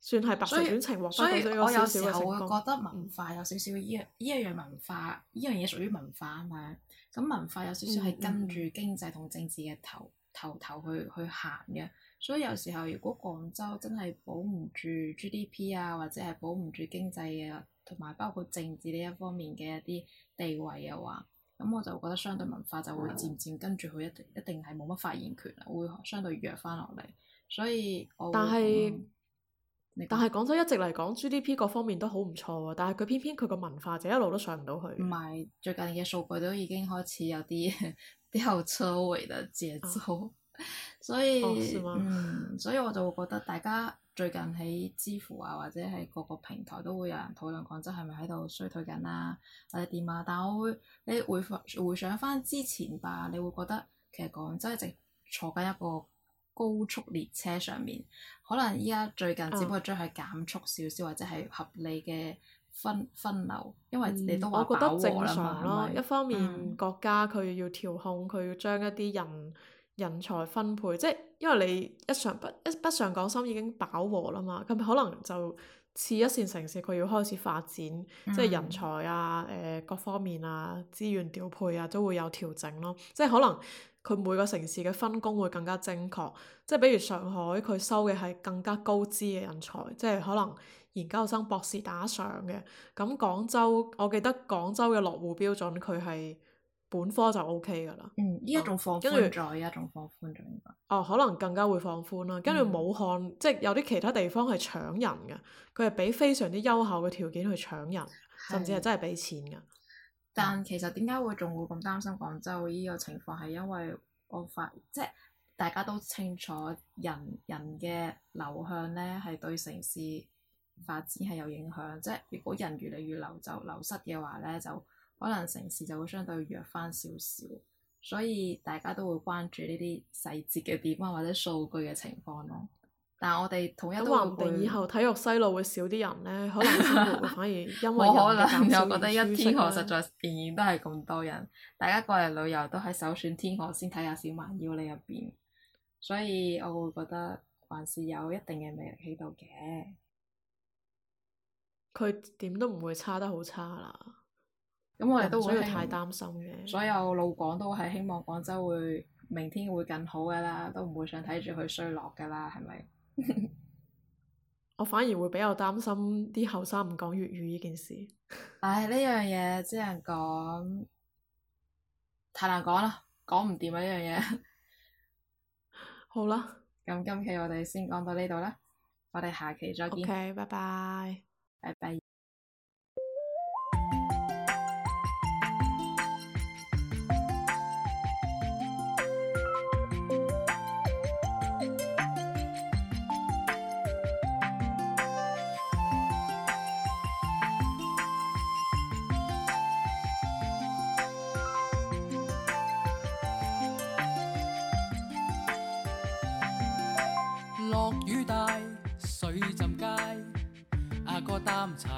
算係白首轉情，我得少少嘅成功所以，我有時候會覺得文化有少少依依一樣文化，依樣嘢屬於文化嘛。咁文化有少少係跟住經濟同政治嘅頭頭頭去去行嘅。所以有時候如果廣州真係保唔住 GDP 啊，或者係保唔住經濟啊，同埋包括政治呢一方面嘅一啲地位嘅話，咁我就覺得相對文化就會漸漸跟住佢一一定係冇乜發言權，會相對弱翻落嚟。所以，但係是，嗯、但係廣州一直嚟講 GDP 各方面都好唔錯喎，但係佢偏偏佢個文化就一路都上唔到去。唔係最近嘅數據都已經開始有啲啲吊車尾嘅節奏，啊、 *laughs* 所以，哦、嗯，所以我就會覺得大家。最近喺支付啊，或者係各個平台都會有人討論，廣州係咪喺度衰退緊啦，或者點啊？但係、啊、我會，你會回想翻之前吧，你會覺得其實廣州一直坐緊一個高速列車上面，可能依家最近只不過將係減速少少，嗯、或者係合理嘅分分流，因為你都話飽和啦嘛，我覺得正常咯，是一方面國家佢要調控，佢、嗯、要將一啲人。人才分配，即係因為你一上北一北上廣深已經飽和啦嘛，咁可能就次一線城市佢要開始發展，嗯、即係人才啊、誒、呃、各方面啊、資源調配啊都會有調整咯。即係可能佢每個城市嘅分工會更加正確。即係比如上海佢收嘅係更加高資嘅人才，即係可能研究生、博士打上嘅。咁廣州，我記得廣州嘅落戶標準佢係。本科就 O K 噶啦，嗯，依家仲放寬咗，依家仲放寬咗應該哦，可能更加會放寬啦。跟住武漢，嗯、即係有啲其他地方係搶人嘅，佢係俾非常之優厚嘅條件去搶人，是甚至係真係俾錢噶。但其實點解會仲會咁擔心廣州依個情況，係、嗯、因為我發，即係大家都清楚人，人人嘅流向咧係對城市發展係有影響，即係如果人越嚟越流就流失嘅話咧，就。可能城市就會相對弱翻少少，所以大家都會關注呢啲細節嘅地方啊，或者數據嘅情況咯。但係我哋統一都話唔定以後，體育西路會少啲人呢？ *laughs* 可能反而因為人嘅減少。我可能又覺得一天河實在仍然都係咁多人，呢大家過嚟旅遊都係首選天河，先睇下小蠻腰嚟入邊，所以我會覺得還是有一定嘅魅力喺度嘅。佢點都唔會差得好差啦～咁我哋都唔需要太擔心嘅。所有老廣都係希望廣州會明天會更好噶啦，都唔會想睇住佢衰落噶啦，係咪？ *laughs* 我反而會比較擔心啲後生唔講粵語呢件事。唉、哎，呢樣嘢只能講太難講啦，講唔掂啊！呢樣嘢。 *laughs* 好啦吧。咁今期我哋先講到呢度啦，我哋下期再見。拜拜，okay。拜拜。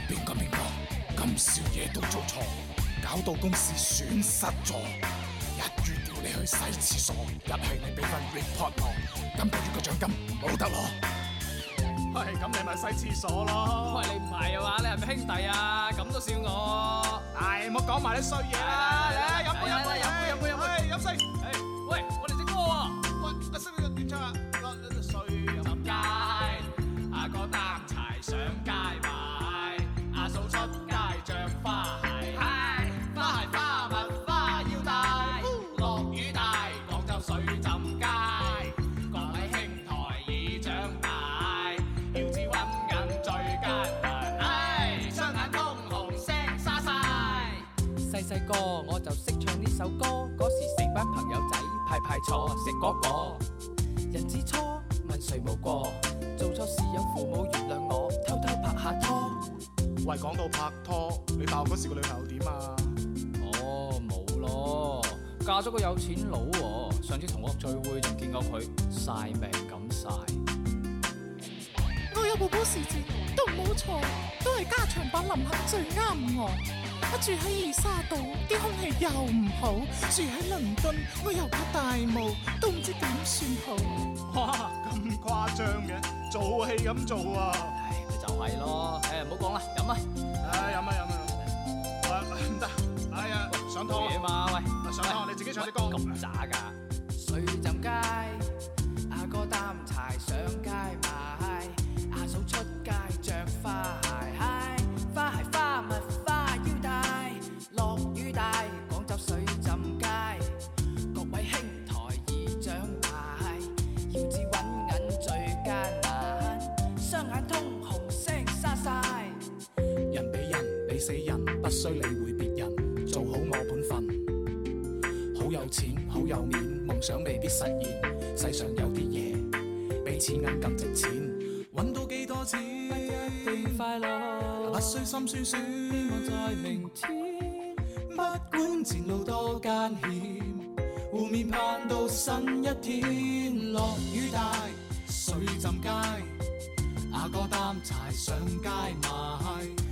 邊個明我，咁少嘢都做錯，搞到公司損失咗。一於叫你去洗廁所，一係你俾份 report 我，今個月嘅獎金冇得攞。係咁，你咪洗廁所咯。喂，你唔係嘅話，你係咪兄弟啊？咁都笑我？唉，唔好講埋啲衰嘢啦。嚟，飲杯，飲杯，飲杯，飲杯，飲杯，飲勝。喂。細個我就識唱呢首歌，嗰時成班朋友仔排排坐食果果。人之初，問誰無過？做錯事有父母原諒我，偷偷拍下拖。喂，講到拍拖，你大學嗰時個女朋友點啊？哦，冇咯，嫁咗個有錢佬喎，啊。上次同學聚會仲見過佢，晒命咁晒。我有部保時捷，都冇錯，都係加長版林肯最啱我。我住喺二沙島，啲空氣又唔好；住喺倫敦，我又怕大霧，都唔知點算好。哇，咁誇張嘅，做戲咁做啊！唉，咪就係咯，唉唔好講啦，飲啊！唉，飲啊飲啊！唔得，哎呀，上台！呀嘛，喂，上台你自己唱啲歌，咁渣㗎！水浸街，阿哥擔柴上街賣，阿嫂出街著。死人不需理會別人，做好我本分。好有錢，好有面，夢想未必實現。世上有啲嘢，比錢銀更值錢。揾到幾多錢，不一定快樂，不需心酸酸，我在明天。不管前路多艱險，互勉盼到新一天。落雨大，水浸街，阿哥擔柴上街賣。